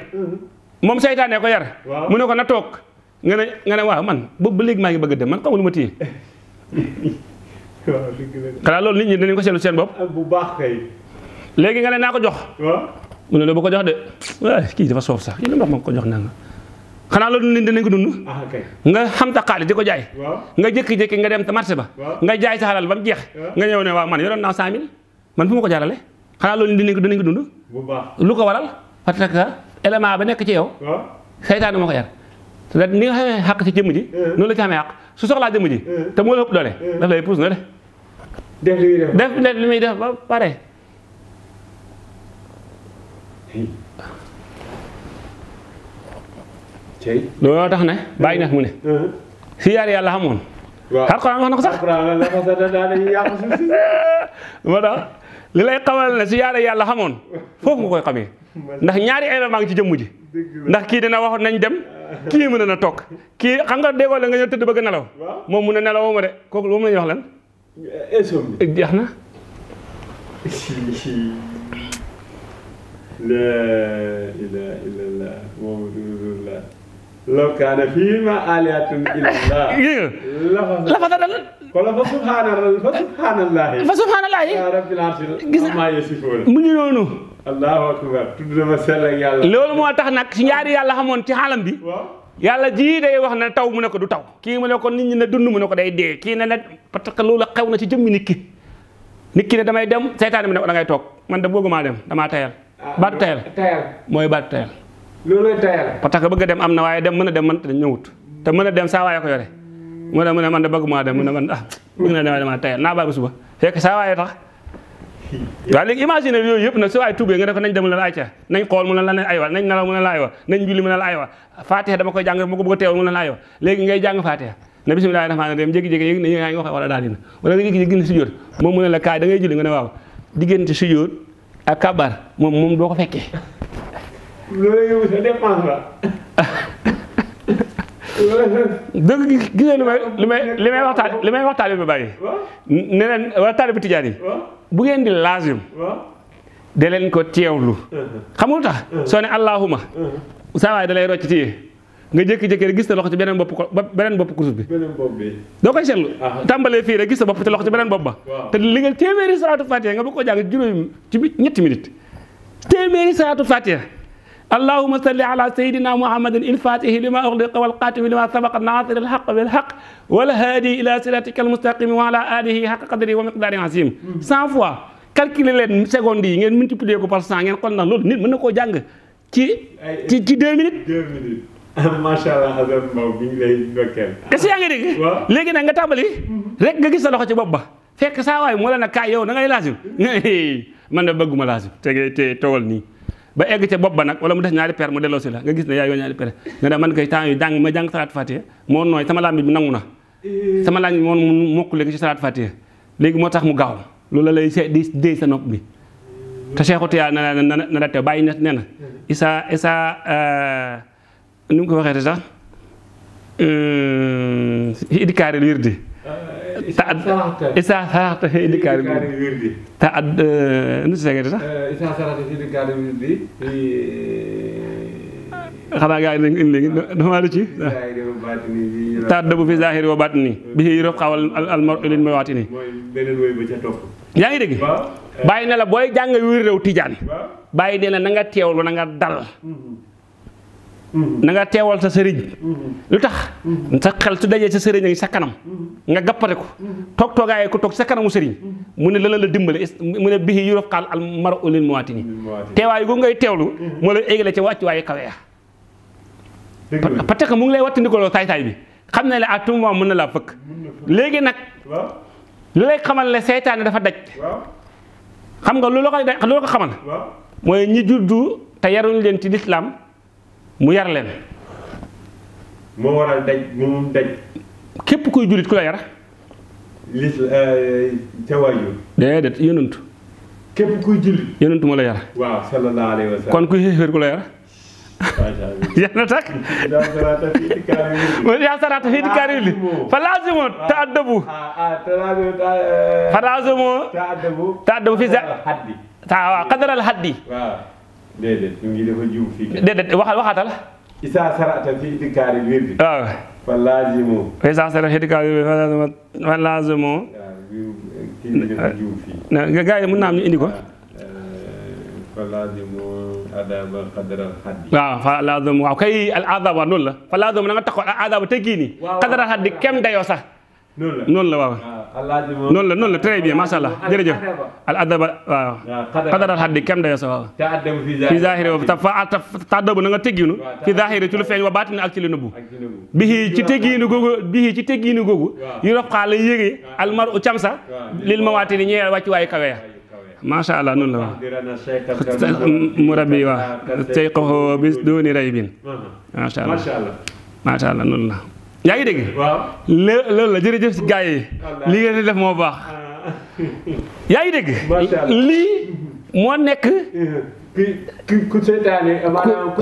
moom seytaanee ko yar mu ne ko na toog nga ne nga ne waaw man boobu ba léegi maa ngi bëgg a dem man xamul ma téye *laughs* xanaa loolu nit ñi dinañ ko seetlu seen bopp. bu baax léegi nga ne naa ko jox. waaw mu ne la bu ko jox de waaye kii dafa soof sax kii la ndox ma ko jox nanga xanaa loolu nit dinañ ko dund. Ah, nga xam ta xaalis di ko jaay. nga jékki-jékki nga dem marché ba. nga jaay sa ba mu jeex. nga ñëw ne waaw man yoroon naa 100000 man fu ma ko jaarale xanaa loolu dinañ ko dinañ ko dund. lu ko waral parce que élément ba nekk ci yow. saytaanu moo ko yar. ni nga xamee ci jëmm ji. Eh. noonu la ci xamee xàq su soxlaa jëmm ji. Eh. te moo la ëpp doole eh. daf lay pousse na de def li def def li muy def ba pare. looloo tax ne bàyyi na mu ne. si yaar yàlla xamoon. waaw alxuraan wax na ko sax alxuraan la parce que si. *laughs* moo tax li yàlla xamoon foofu nga koy xamee *laughs* ndax ñaari élément ngi ci jëmm ji. ndax kii dina wax nañ dem. kii mu na na toog kii xam nga déggoo la nga ñëw tëdd bëgg nelaw. moom mun na nelawoo ma de kooku moom la ñuy insomnie ak jeex na. laa ilaaha illallaah Muhammadu rasuulullaah. law kaana fiihimaa aalihatun illallaah. lafasadataa la. kon fa subhaanallaahi fa subhaanallaahi. fa subhaanallaahi. yaa rabbil arsil ammaa yasifuun. mu ngi noonu. allaahu akbar. tudd na ma sell ak yàlla. loolu moo tax nag su ñaari yàlla xamoon ci xaalam bi. waaw. yàlla jii day wax ne taw mu ne ko du taw kii mu ne ko nit ñi ne dund mu ne ko day dee kii ne ne parce que loolu xew na ci jëmmi nit ki nit ki ne damay dem seytaane mu ne ko da ngay toog man de bëgguma dem damaa tayal. Ah, baatu tayal mooy baatu tayal. looloo tayal. parce bëgg a dem am na waaye dem mën a dem man te ñëwut te mën a dem saa waaye ko yore mën ne mën ne man de bëgguma dem mu ne man ah bëgg na dem waaye damaa tayal naa bàyyi ba suba fekk saa waaye tax. waaw léegi imaginer yooyu yëpp nag su ay tuubee nga def nañ dem la ayca nañ xool mu ne la ne aywa nañ nelaw mu ne la aywa nañ julli mu ne la aywa faatiha dama koy jàng ma ko bëgg a teewal mu ne la aywa léegi ngay jàng faatiha ne bismillahi rahmaani rahim jékki-jékki na ne yaa ngi wax wala moom mu ne la kaay da julli nga ne waaw diggante sujjóot ak kabar moom moom doo ko fekkee loolu sa dépense la dëgg gis nga li may li may li may waxtaan li may waxtaan bi ba bàyyi ne leen wala taalibu tijaan yi bu ngeen di laazim de leen ko teewlu uh-huh. xamul tax uh-huh. soo ne allahuma uh-huh. saa waay da lay rocc téye nga jékki-jékki rek sa loxo ci beneen bopp ko beneen bopp kurus bi doo koy seetlu ah. tàmbalee fii rek gis sa bopp ci loxo ci beneen bopp ba te li nga téeméeri salaatu fatiha nga bëgg ko jàng juróomi ci ñetti minute téeméeri salaatu fatiha allahuma salli ala sayidina muhammadin ilfatihi lima uxliqa walxaatimi lima sabaqa naasir alxaq bilxaq walhaadi ila siratika almustaqimi wa ala alihi xaqa qadri wa miqdaari asim cent fois calculer leen secondes yi ngeen multiplier ko par cent ngeen xool ndax loolu nit mën ko koo jàng ci ci ci deux minutes deux minutes macha allah Assane nga tàmbali. rek nga gis sa loxo ci bopp ba. fekk saa waay moo la nag kaay yow da ngay *laughs* man de bëgguma laajum te te nii. ba egg ca bopp ba nag wala mu des ñaari per mu delloo la nga gis ne yaa yoo ñaari per nga ne man kay temps yu jàng ma jàng salaat fatiha moo nooy sama laaj bi nangu na sama laaj bi moo mokk léegi ci salaat fatiha léegi moo tax mu gaaw loolu lay se di déy sa nopp bi te Cheikhu Tiyaa na la na la teew bàyyi na ne na isa isa euh, ni mu ko waxee sax euh, idikaari wirdi isaa saraxta fi idikaari wirdi ta ad e, nu si tegee sax e, isaa saraxta fi idikaari wirdi e, xanaa gaa ngi dégg bàyyi la booy jàng wirdew tijaan bàyyi ne la na nga teewlu na dal mm-hmm. Mm-hmm. na nga teewal sa sëriñ mm-hmm. lu tax mm-hmm. sa xel su dajee sa sëriñ sa kanam nga gappate ko toog toogaayee ko toog sa kanamu sëriñ mu ne lana la dimbale mu ne bihi yuraf xaal al mara ulil muwaatini teewaay gu ngay teewlu moo lay éggale ca wàccu waaye kawe ya parce que mu ngi lay wattandikoloo taay taay bi xam ne la à tout moment mën na laa fëkk léegi nag li lay xamal ne seytaane dafa daj xam nga lu la ko la xamal mooy ñi juddu te yaruñu leen ci lislaam mu yar leen. képp kuy jullit ku la yar. li eh, ca waajur. képp kuy jullit. yonent moo la yar. kon kuy xéeféer ku la yar. *laughs* yaa na tak yaa sarata fii di kaariwili fa laazimo ah, ah, ta eh. fa laazimo ta fi za ta waaw haddi déedéet ñu ngi dafa jiw fii kenn. déedéet waxal waxaatal. Isaa sarata fii dikaari biir bi. waaw. fa laazimu. Isaa sarata fii dikaari biir bi fa laazimu. waaw kii bi dafa jiw fii. gars yi mën naa am ñu indi ko. Euh, fa laazimu adaba xadaral xaddi. waaw fa laazimu waaw kay al adaba loolu la fa laazimu na nga taxaw al adaba te kii nii. waaw xadaral xaddi kem dayoo sax. noonu la waaw ah, noonu la noonu la très bien macha allah jërëjëf al adaba waaw ah, xadaral kem dayo sa waaw fi zahiri wa tafa tàddabu na nga teggiinu fi zahiri ci lu feeñ wa baatin ak ci lu nëbbu bihi bihi ci teggiinu googu yu rof xaa la yëgee al u cam lil mawaati ni ñeel wàccu waayu kawe ya macha allah noonu la waaw mu rabbi waaw bis dooni ray bin allah macha la yaa ngi dégg. waaw loolu la jërëjëf si gars moo baax. Ah. yaa ngi dégg. lii moo nekk. ku ku ku seetaane maanaam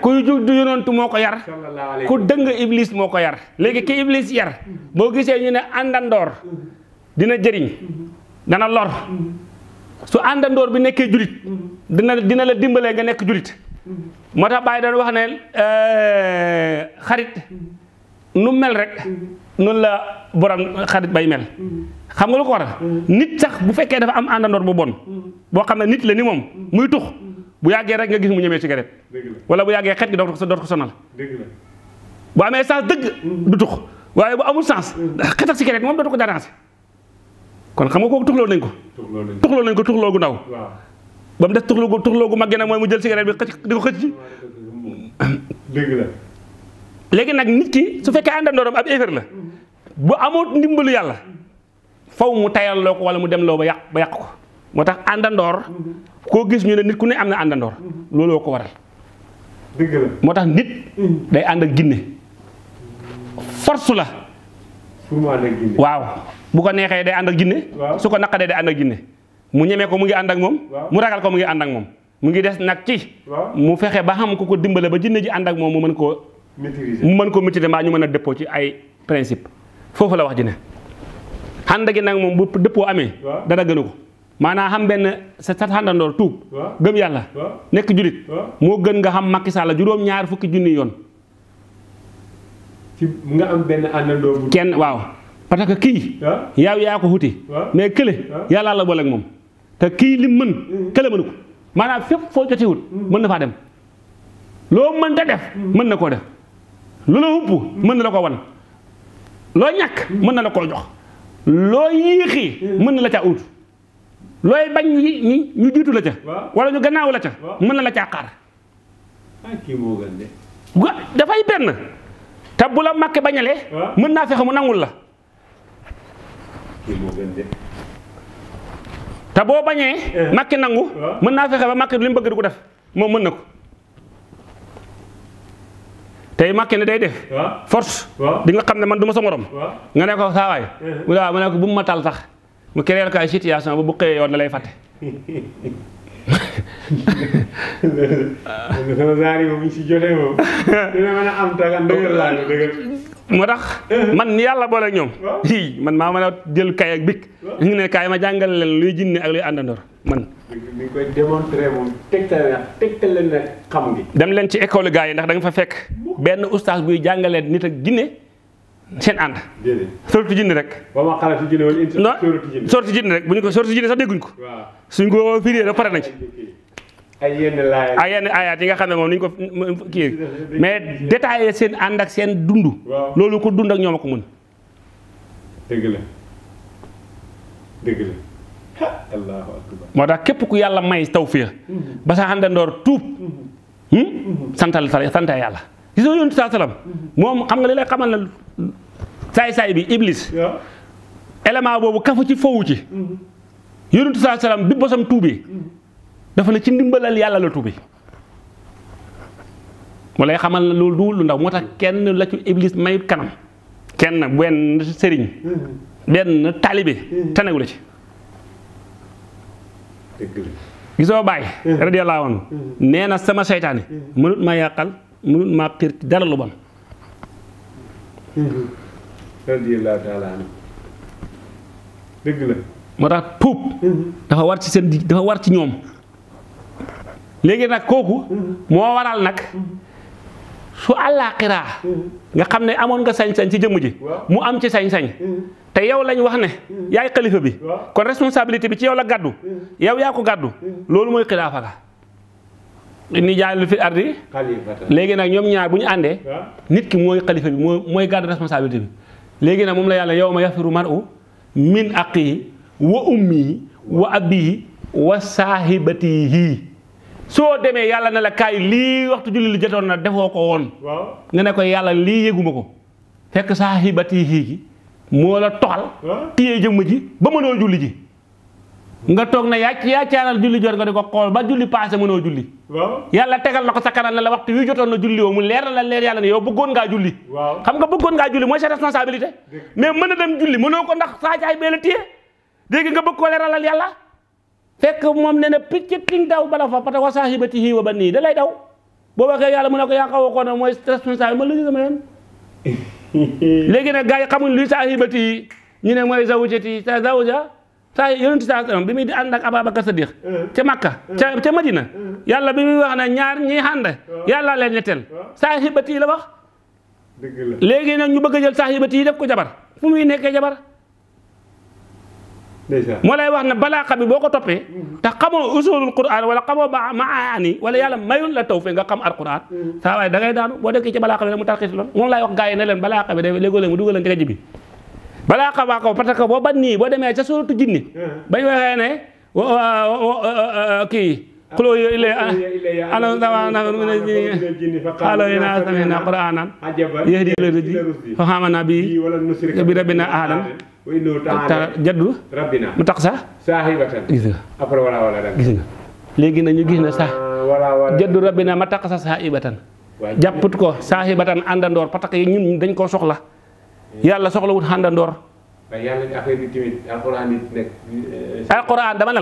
ku juddu yonent la moo ko yar. ku dëng iblis moo ko yar. léegi ki iblis yar boo gisee ñu ne àndandoor dina jëriñ dana lor su àndandoor bi nekkee julit dina dina la dimbalee nga nekk julit moo tax Baay doon wax ne eh, xarit. nu mel rek noonu la borom xarit bay mel xam nga lu ko waral nit sax bu fekkee dafa am àndandoor bu bon boo xam ne nit la ni moom muy tux bu yàggee rek nga gis mu ñemee cigarette wala bu yàggee xet gi doot ko doot ko sonal bu amee sens dëgg mm-hmm. du tux waaye bu amul sens mm-hmm. xet ak cigarette moom dootu ko déranger kon xam nga kooku tuxloo nañ ko tuxloo nañ ko tuxloo gu ndaw ba mu des tuxloo gu tuxloo gu mag gi nag mooy mu jël cigarette bi xëcc di ko xëcc dëgg léegi nag nit ki su fekkee àndandooram ab effet la bu amoo ndimbalu yàlla faw mu tayal loo ko wala mu dem loo ba yàq ba yàq ko moo tax àndandoor koo gis ñu ne nit ku ne am na àndandoor looloo ko waral. moo tax nit. day àndak ak fors la. waaw bu ko neexee day àndak ak su ko naqadee day ànd ak mu ñemee ko mu ngi àndak moom. mu ragal ko mu ngi ànd moom. mu ngi des nag ci. mu fexe ba xam ku ko dimbale ba jinne ji àndak ak moom mu mën koo. mu mën koo maîtriser mbaa ñu mën a dëppoo ci ay principe foofu la wax ji ne xànd gi nag moom bu dëppoo amee dara gënu ko maanaa xam benn sa sa xàndandoor tuub gëm yàlla nekk julit moo gën nga xam Macky Sall juróom-ñaar fukki junni yoon ci nga am bu kenn waaw parce que kii yaaw yaa ko xuti mais kële yàllaa la boole moom te kii lim mën mm. kële mënu ko maanaam fépp foo jotewut mm. mën na faa dem loo mën ta def mm. mën na koo def lu la upp mën na la ko wan loo ñàkk mën na la koo jox loo yéexi mën na la caa ut looy bañ yi ñu jiitu la ca wala ñu gannaaw la ca mën na la caa xaar ah, dafay benn te bu la màkke bañalee mën naa fexe mu nangul la te boo bañee eh. màkke nangu mën naa fexe ba màkke du li mu bëgg di ko def moom mën na ko tey Macky ne day def. force. di nga xam ne man du ma sa morom. nga ne ko saa waay. Uh-huh. waaw mu ne ko bu mu ma tal sax mu créer kay situation bu bu xëyee yoon da lay fàtte. *laughs* moo tax uh-huh. man ni yàlla boole ñoom. man maa mën a jël kay ak bik ne kaay ma jàngal leen luy jinne ak luy àndandoor man. ni koy démontrer moom tegtal na dem leen ci école gars yi ndax da fa fekk benn ustaas buy jàngalee nit ak jinne seen ànd. déedéet jinne rek. waaw ma xalaat jinne wala rek bu ñu ko sorti jinne sax dégguñ ko. suñ ko firee rek pare nañ ci. ay yenn laay yi nga xam ne moom ni ñu ko kii mais détaillé seen ànd ak seen dund. loolu ko dund ak ñoom a ko mën. *laughs* moo tax képp ku yàlla may tawfiix mm-hmm. ba sa àndandoor tuub mm-hmm. Hmm? Mm-hmm. santal santa yàlla gis nga yonent saa moom xam nga li lay xamal na saay-saay bi iblis élément boobu kafa ci fowu ci yonent saa salaam bi bosam tuubee dafa ne ci ndimbalal yàlla la tuubee mu lay xamal na loolu lu lu ndaw moo tax kenn la ci iblis mayut kanam kenn benn sëriñ benn taalibe tanegu la ci gisoo Baye. Mm-hmm. radiyallaahu anhu mm-hmm. nee na sama seytaane. Mm-hmm. mënut ma yàqal mënut ma xiir ci dara lu bon. moo tax tuub. dafa war ci seen dafa war ci ñoom. léegi nag kooku. moo waral nag. su àllaa àllaaxiraa nga xam ne amoon nga sañ-sañ ci jëmm ji mu am ci sañ-sañ mm-hmm. te yow lañ wax ne mm-hmm. yaay xalifa bi kon responsabilité bi ci yow la gàddu mm-hmm. yow yaa ko gàddu loolu mooy xilaafa ga ni lu fi ardi léegi nag ñoom ñaar bu ñu àndee nit ki mooy xalifa bi mooy gàddu responsabilité bi léegi nag moom la yàlla yow ma yafiru mar'u min aqihi wa ummihi wa abihi wa saahibatihi soo demee yàlla na la kaay lii waxtu julli li jotoon na defoo ko woon. waaw nga ne ko yàlla lii yëguma ko fekk saaxibati gi moo la toxal. téye jëmm ji ba mënoo julli ji. nga toog na yaa yaa caanal julli jot nga di ko xool ba julli passé mënoo julli. waaw yàlla tegal na ko sa kanal ne la waxtu yu jotoon na julli woo mu leer la leer yàlla ne yow bëggoon ngaa julli. waaw xam nga bëggoon ngaa julli mooy sa responsabilité. mais mën a dem julli mënoo ko ndax saa caay bee la téye nga bëgg koo leeralal yàlla fekk moom ne na picc ting daw bala fa parce que wa saahibatihi wa banii da lay daw boo waxee yàlla mun ne ko yaa xaw a ko ne mooy responsable *laughs* léegi nag gars yi xamuñ luy saahibatihi ñu ne mooy zawjati ta zawja saa yonente saa sallam bi muy di ànd ak Ababacar Sadiq ca Makka te ca Madina yàlla bi muy wax ne ñaar ñi ànd yàlla leen ñetteel saahibati la wax léegi na ñu bëgg a jël saahibati yi def ko jabar fu muy nekkee jabar moo lay wax ne balaaxa bi boo ko toppee te xamoo usulul quran wala xamoo ba maani wala yàlla mayul la tawfiq nga xam alquran saa waaye da ngay daanu boo dekkee ci balaaxa bi da mu tarxis lool moom laay wax gars yi ne leen balaaxa bi da mu dugal leen ci bi balaaxa baa ko parce que boo ban nii boo demee ca suratu jinni bañ waxee ne kii قلوا yooyu أنا دعوانا من الجن قالوا إنا سمعنا قرآنا يهدي إلى الرشد فآمنا به بربنا أحدا jaddu rabbina mu tax sax saahibatan gis nga après wala wala gis nga léegi na ñu gis na sax ah, jaddu rabbina ma tax sax saahibatan jàpput ko saahibatan àndandoor parce que ñun dañ koo soxla eh. yàlla soxlawut àndandoor waaye yàlla ci affaire bi tamit alxuraan euh, dama ne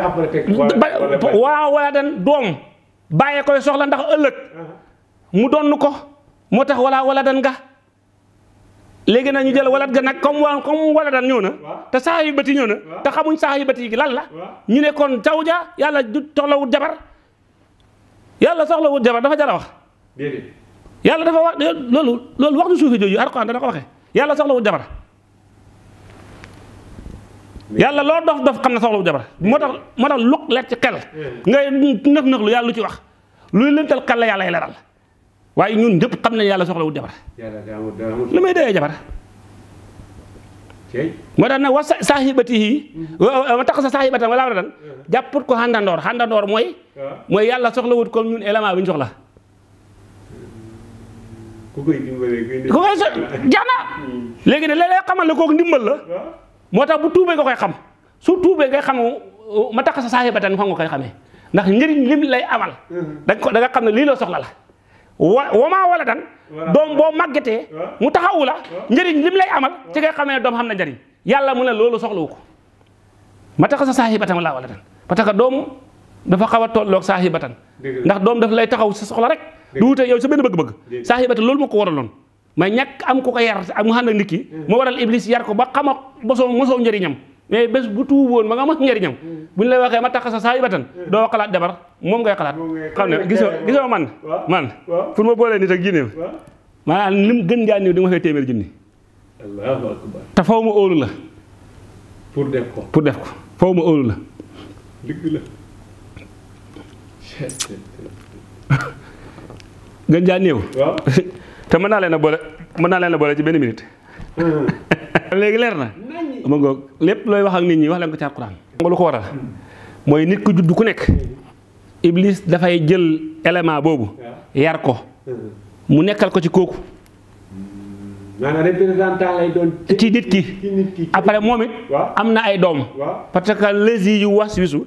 la. waaw wala dan doom bàyyee soxla ndax ëllëg. Uh-huh. mu donn ko moo tax wala wala dan nga. léegi nag ñu jël walat ga nag comme wa comme wala dan ñëw na te saa yu bëti ñëw na te xamuñ saa yu bëti gi la ñu ne kon caw ja yàlla du soxlawut jabar yàlla soxlawut jabar dafa jara wax déedéet yàlla dafa wax loolu loolu wax ju suufi jooju Alxuraan dana ko waxee yàlla soxlawul jabar yàlla loo dof dof xam ne soxlawul jabar moo tax moo tax lu leer ci xel ngay nëx nëx lu yàlla lu ci wax luy lëntal xel la yàlla leeral waaye ñun ñëpp xam nañ yàlla soxlawul jabar lu may dee jabar moo tax nag wa saahibatihi wa tax sa saahibatan wala wala dan jàpput ko xàndandoor xàndandoor mooy mooy yàlla soxlawut comme ñun élément bi ñu soxla koy dimbalee ku koy jeex na hmm. léegi ne la lay xamal ne kooku ndimbal la moo tax bu tuubee nga koy xam su tuubee ngay xam ma tax sa saaxi ba tan fa nga koy xamee ndax njëriñ lim lay amal hmm. da nga xam ne lii la soxla la wa wamaa doom boo màggetee mu taxawu la njëriñ lim lay amal ci ngay xamee doom xam na njëriñ yàlla mu ne loolu soxlawu ko ma tax sa saaxi ba tan laa wala dan parce que dafa xaw a tolloog ba tan ndax doom daf lay taxaw sa soxla rek du wute yow sa benn bëgg-bëgg saaxibata loolu moo ko waraloon ma ñàkk am ko ko yar ak mu ànd ak nit mm. waral iblis yar ko ba xam a bosoo mosoo njëriñam mais bés bu tuub woon ma nga mos njëriñam mm. bu ñu lay waxee ma tax sa saahibatan mm. doo xalaat debar moom ngay xalaat xam ne gisoo gisoo man man pour ma boolee nit ak jinne maanaam li mu gën jaa néew di nga fay téeméer junni allahu akbar te faw ma óolu la pour def ko pour la *laughs* gën jaa *laughs* te mën naa leen a boole mën naa leen a boole ci benn minute. *laughs* léegi leer na. *laughs* ma lépp looy wax ak nit wax leen ko ci alxuraan. nga lu ko waral mooy nit ku judd ku nekk. Iblis dafay jël élément boobu. yar ko. mu nekkal ko ci kooku. maanaam ci nit ki après moom it. am na ay doom. parce que les yi yu was wisu.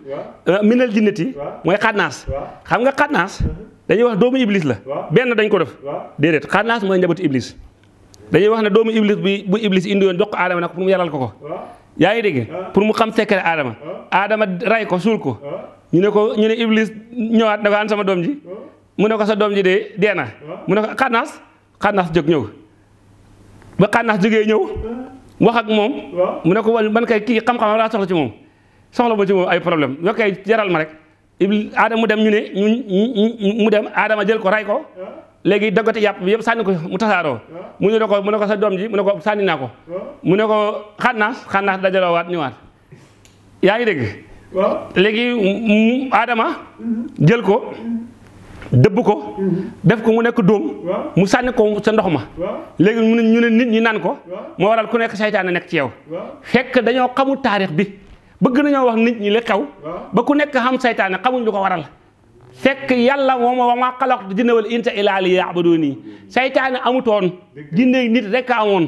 Euh, minal jinnati mooy xannaas. xam nga xannaas. Uh-huh. dañuy wax doomu iblis la. benn dañ ko def. déedéet xannaas mooy njabootu iblis. dañuy wax ne doomu iblis bi bu iblis indi woon jox ko aadama nag pour mu yaral ko ko. yaa ngi dégg pour mu xam secret aadama. aadama ray ko suul ko. ñu ne ko ñu ne iblis ñëwaat dafa an sama doom ji. mu ne ko sa doom ji de dee na. mu ne ko kannaas xannaas jóg ñëw. ba xannaas jógee ñëw. wax ak moom. mu ne ko man kay kii xam-xam laa soxla ci moom. soxla ba ci moom ay problème yoo koy jaral ma rek. ibli aadama mu dem ñu ne ñu mu dem aadama jël ko ray ko léegi daggati yàpp bi yëpp sànni ko mu tasaaroo mu ne ko mu ne ko sa doom ji mu ne ko sànni naa ko mu ne ko xannaas xannaas dajaloo waat ñëwaat yaa ngi dégg léegi mu aadama jël ko dëbb ko def ko mu nekk dóom mu sànni ko sa ndox ma léegi mu ne ñu ne nit ñi naan ko moo waral ku nekk saytaane nekk ci yow dañoo xamul taarix bi bëgg nañoo wax nit ñi li xew ba ku nekk xam saytaane xamuñ lu ko waral fekk yàlla moom wa maa xalaqtu jinne wal insa illaa liya'buduuni saytaane amutoon jinne nit rek a amoon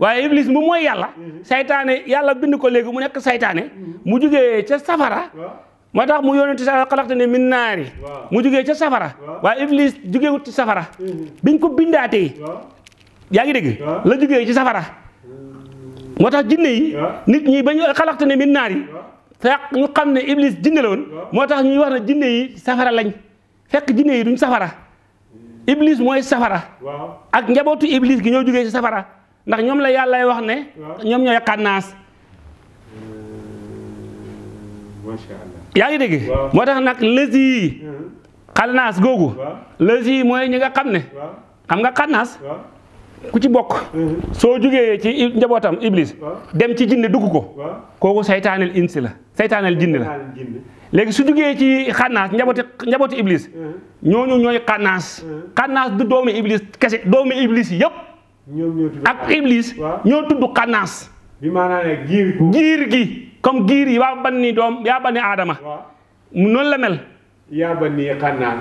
waaye iblis mu mooy yàlla mm-hmm. saytaane yàlla bind ko léegi mu nekk saytaane mm-hmm. mu jugee ca safara moo tax mu yónni sa xalaqtani min naari mu jugee ca safara waaye iblis jugee wut ci safara mm-hmm. biñ ko bindaatee yaa ngi dégg la jugee ci safara moo tax jinne yi nit ñi ba ñu xalaxte ne min naar yi fekk ñu xam ne iblis jinne la woon moo tax ñuy wax ne jinne yi safara lañ fekk jinne yi duñ safara iblis mooy safara ak njabootu iblis gi ñoo jugee ci safara ndax ñoom la yàlla yàllay wax ne ñoom ñooy xànnaas mm. yaa ngi dégg moo tax nag lësi yi mm. xànnaas googu lësi yi mooy ñi nga xam ne xam nga xànnaas ku ci bokk mhm. soo jugee ci njabootam iblis dem ci jinne dugg ko kooku saytaanel insi la saytaanel jinne la léegi su jugee ci xànnaas njabooti njabooti iblis mhm. ñooñu ñooy xànnaas mhm. xànnaas du doomu iblis kese doomu iblis yëpp ak iblis ñoo tudd xànnaas bi giir gi comme giir yi yaa ban doom yaa ban ni aadama noonu la mel yaa ban ni xànnaas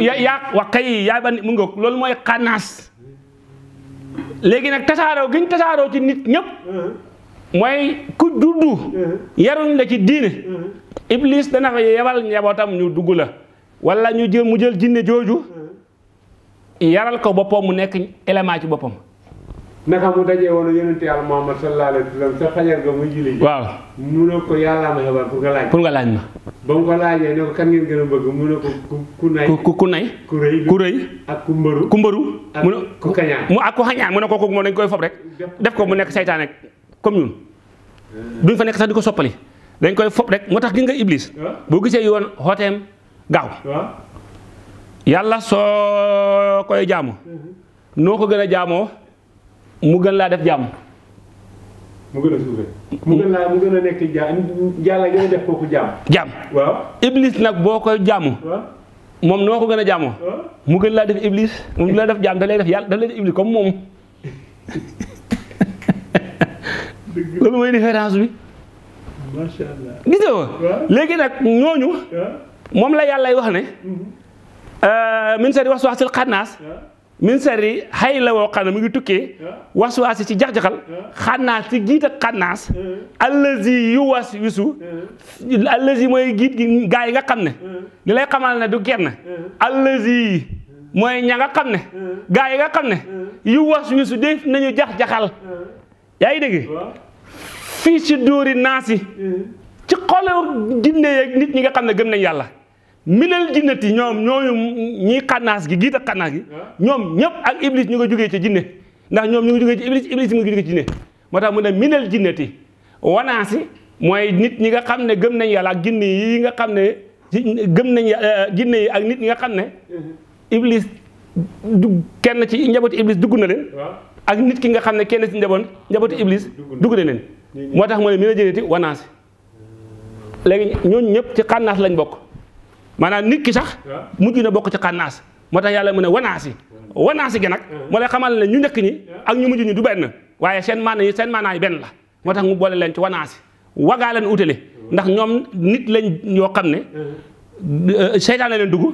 yaa wa kay yaa ban loolu mooy xànnaas léegi nag tasaaroo gi ñu tasaaroo ci nit ñëpp mm-hmm. mooy ku juddu mm-hmm. yaruñ la ci diine mm-hmm. iblis dana fa yebal njabootam ñu dugg la wala ñu jël mu jël jinne jooju yaral ko boppam mu nekk élément ci boppam naka mu dajee woon yonente yàlla Muhammad sallallahu alayhi wa sallam sa waaw ko yàllaa pour nga laaj pour nga laaj ma ba mu ko laajee ne ko kan ngeen gën a bëgg mu ne ko ku nay ku nay ku rëy ku rëy ak ku mbëru ku mbëru mu ne ku kañaan mu ak ku xañaan mu ne kooku moom dañ koy fob rek def ko mu nekk saytaan comme ñun eh. duñ fa nekk sax di ko soppali dañ koy fob rek moo tax gi nga iblis eh? boo gisee yoon xooteem gaaw eh? yàlla soo koy jaamu noo ko gën a jaamoo mu gën laa def jàmm. mu gën a suufee mu gën laa mu gën a nekk jàmm def kooku jàmm. jàmm waaw. iblis nag boo koy jàmm. moom noo ko gën a jàmm mu gën laa def iblis moom du la def jàmm da lay def yàlla da lay def iblis comme moom. loolu mooy différence bi. macha allah gis ko. léegi nag ñooñu. moom la yàlla wax ne. Mhm. Euh, min sharri waswaasil xannaas. min sarri xay la woo xam ne mu ngi tukkee waswaasi ci jax-jaxal xannaas ci giit ak xannaas allazi yu was wisu allazi mooy giit gi gaa yi nga xam ne li lay xamal ne du genn allazi mooy ña nga xam ne gaa yi nga xam ne yu was wisu def nañu jax-jaxal yaa ngi dégg fii ci dóori naasi ci xolu jinne yeeg nit ñi nga xam ne gëm nañ yàlla milal jinnati ñoom ñooñu ñii xanaas gi giita xanaas gi ah. ñoom ñëpp ak iblis ñu nga jógee ci jinne ndax ñoom ñu nga jógee ci iblis iblis nga jógee ci moo tax mu ne minal jinnati wanaasi mooy nit ñi nga xam ne gëm nañ yàlla ak jinne yi nga xam ne gëm nañ euh, jinne yi ak nit ñi nga xam ne mm-hmm. iblis du kenn ci njabootu iblis dugg na leen ah. ak nit ki nga xam ne kenn ci njaboot njabootu iblis dugg na leen moo tax mu ne minal jinnati wanaasi mm. léegi ñooñu ñëpp ci xanaas lañ bokk maanaam nit ki sax mujj na bokk ci xànnaas moo tax yàlla mu ne wanaasi wanaasi gi nag moo lay xamal ne ñu njëkk ñi ak ñu mujj ñi du benn waaye seen maana yi seen maanaay benn la moo tax mu boole leen ci wanaasi wagaa leen utale ndax ñoom nit lañ yoo xam ne seytaane leen dugg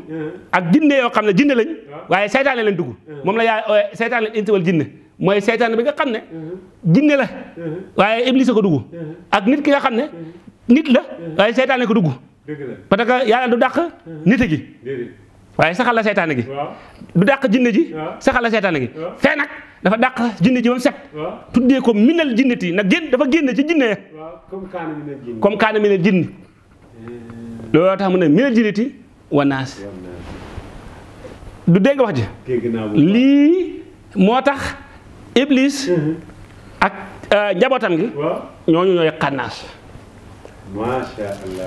ak jinne yoo xam ne jinne lañ waaye seytaane leen dugg moom la yaay eh, seytaane leen insi wal mooy seytaane bi nga xam ne jinne la waaye iblis ko dugg ak nit ki nga xam ne nit la waaye seytaane ko duggu parce que yàlla du dàq nit gi waaye saxal la seytaane gi du dàq jinne ji saxal la seytaane gi fee nag dafa dàq jinne ji ba mu set tuddee ko minal jinnati nag génn dafa génn ci jinne comme kaana minal jinni eh. looloo tax mu ne minal jinnati wa naas du dégg wax ji lii moo tax iblis *laughs* uh-huh. ak uh, njabootam gi ñooñu ñooy xannaas macha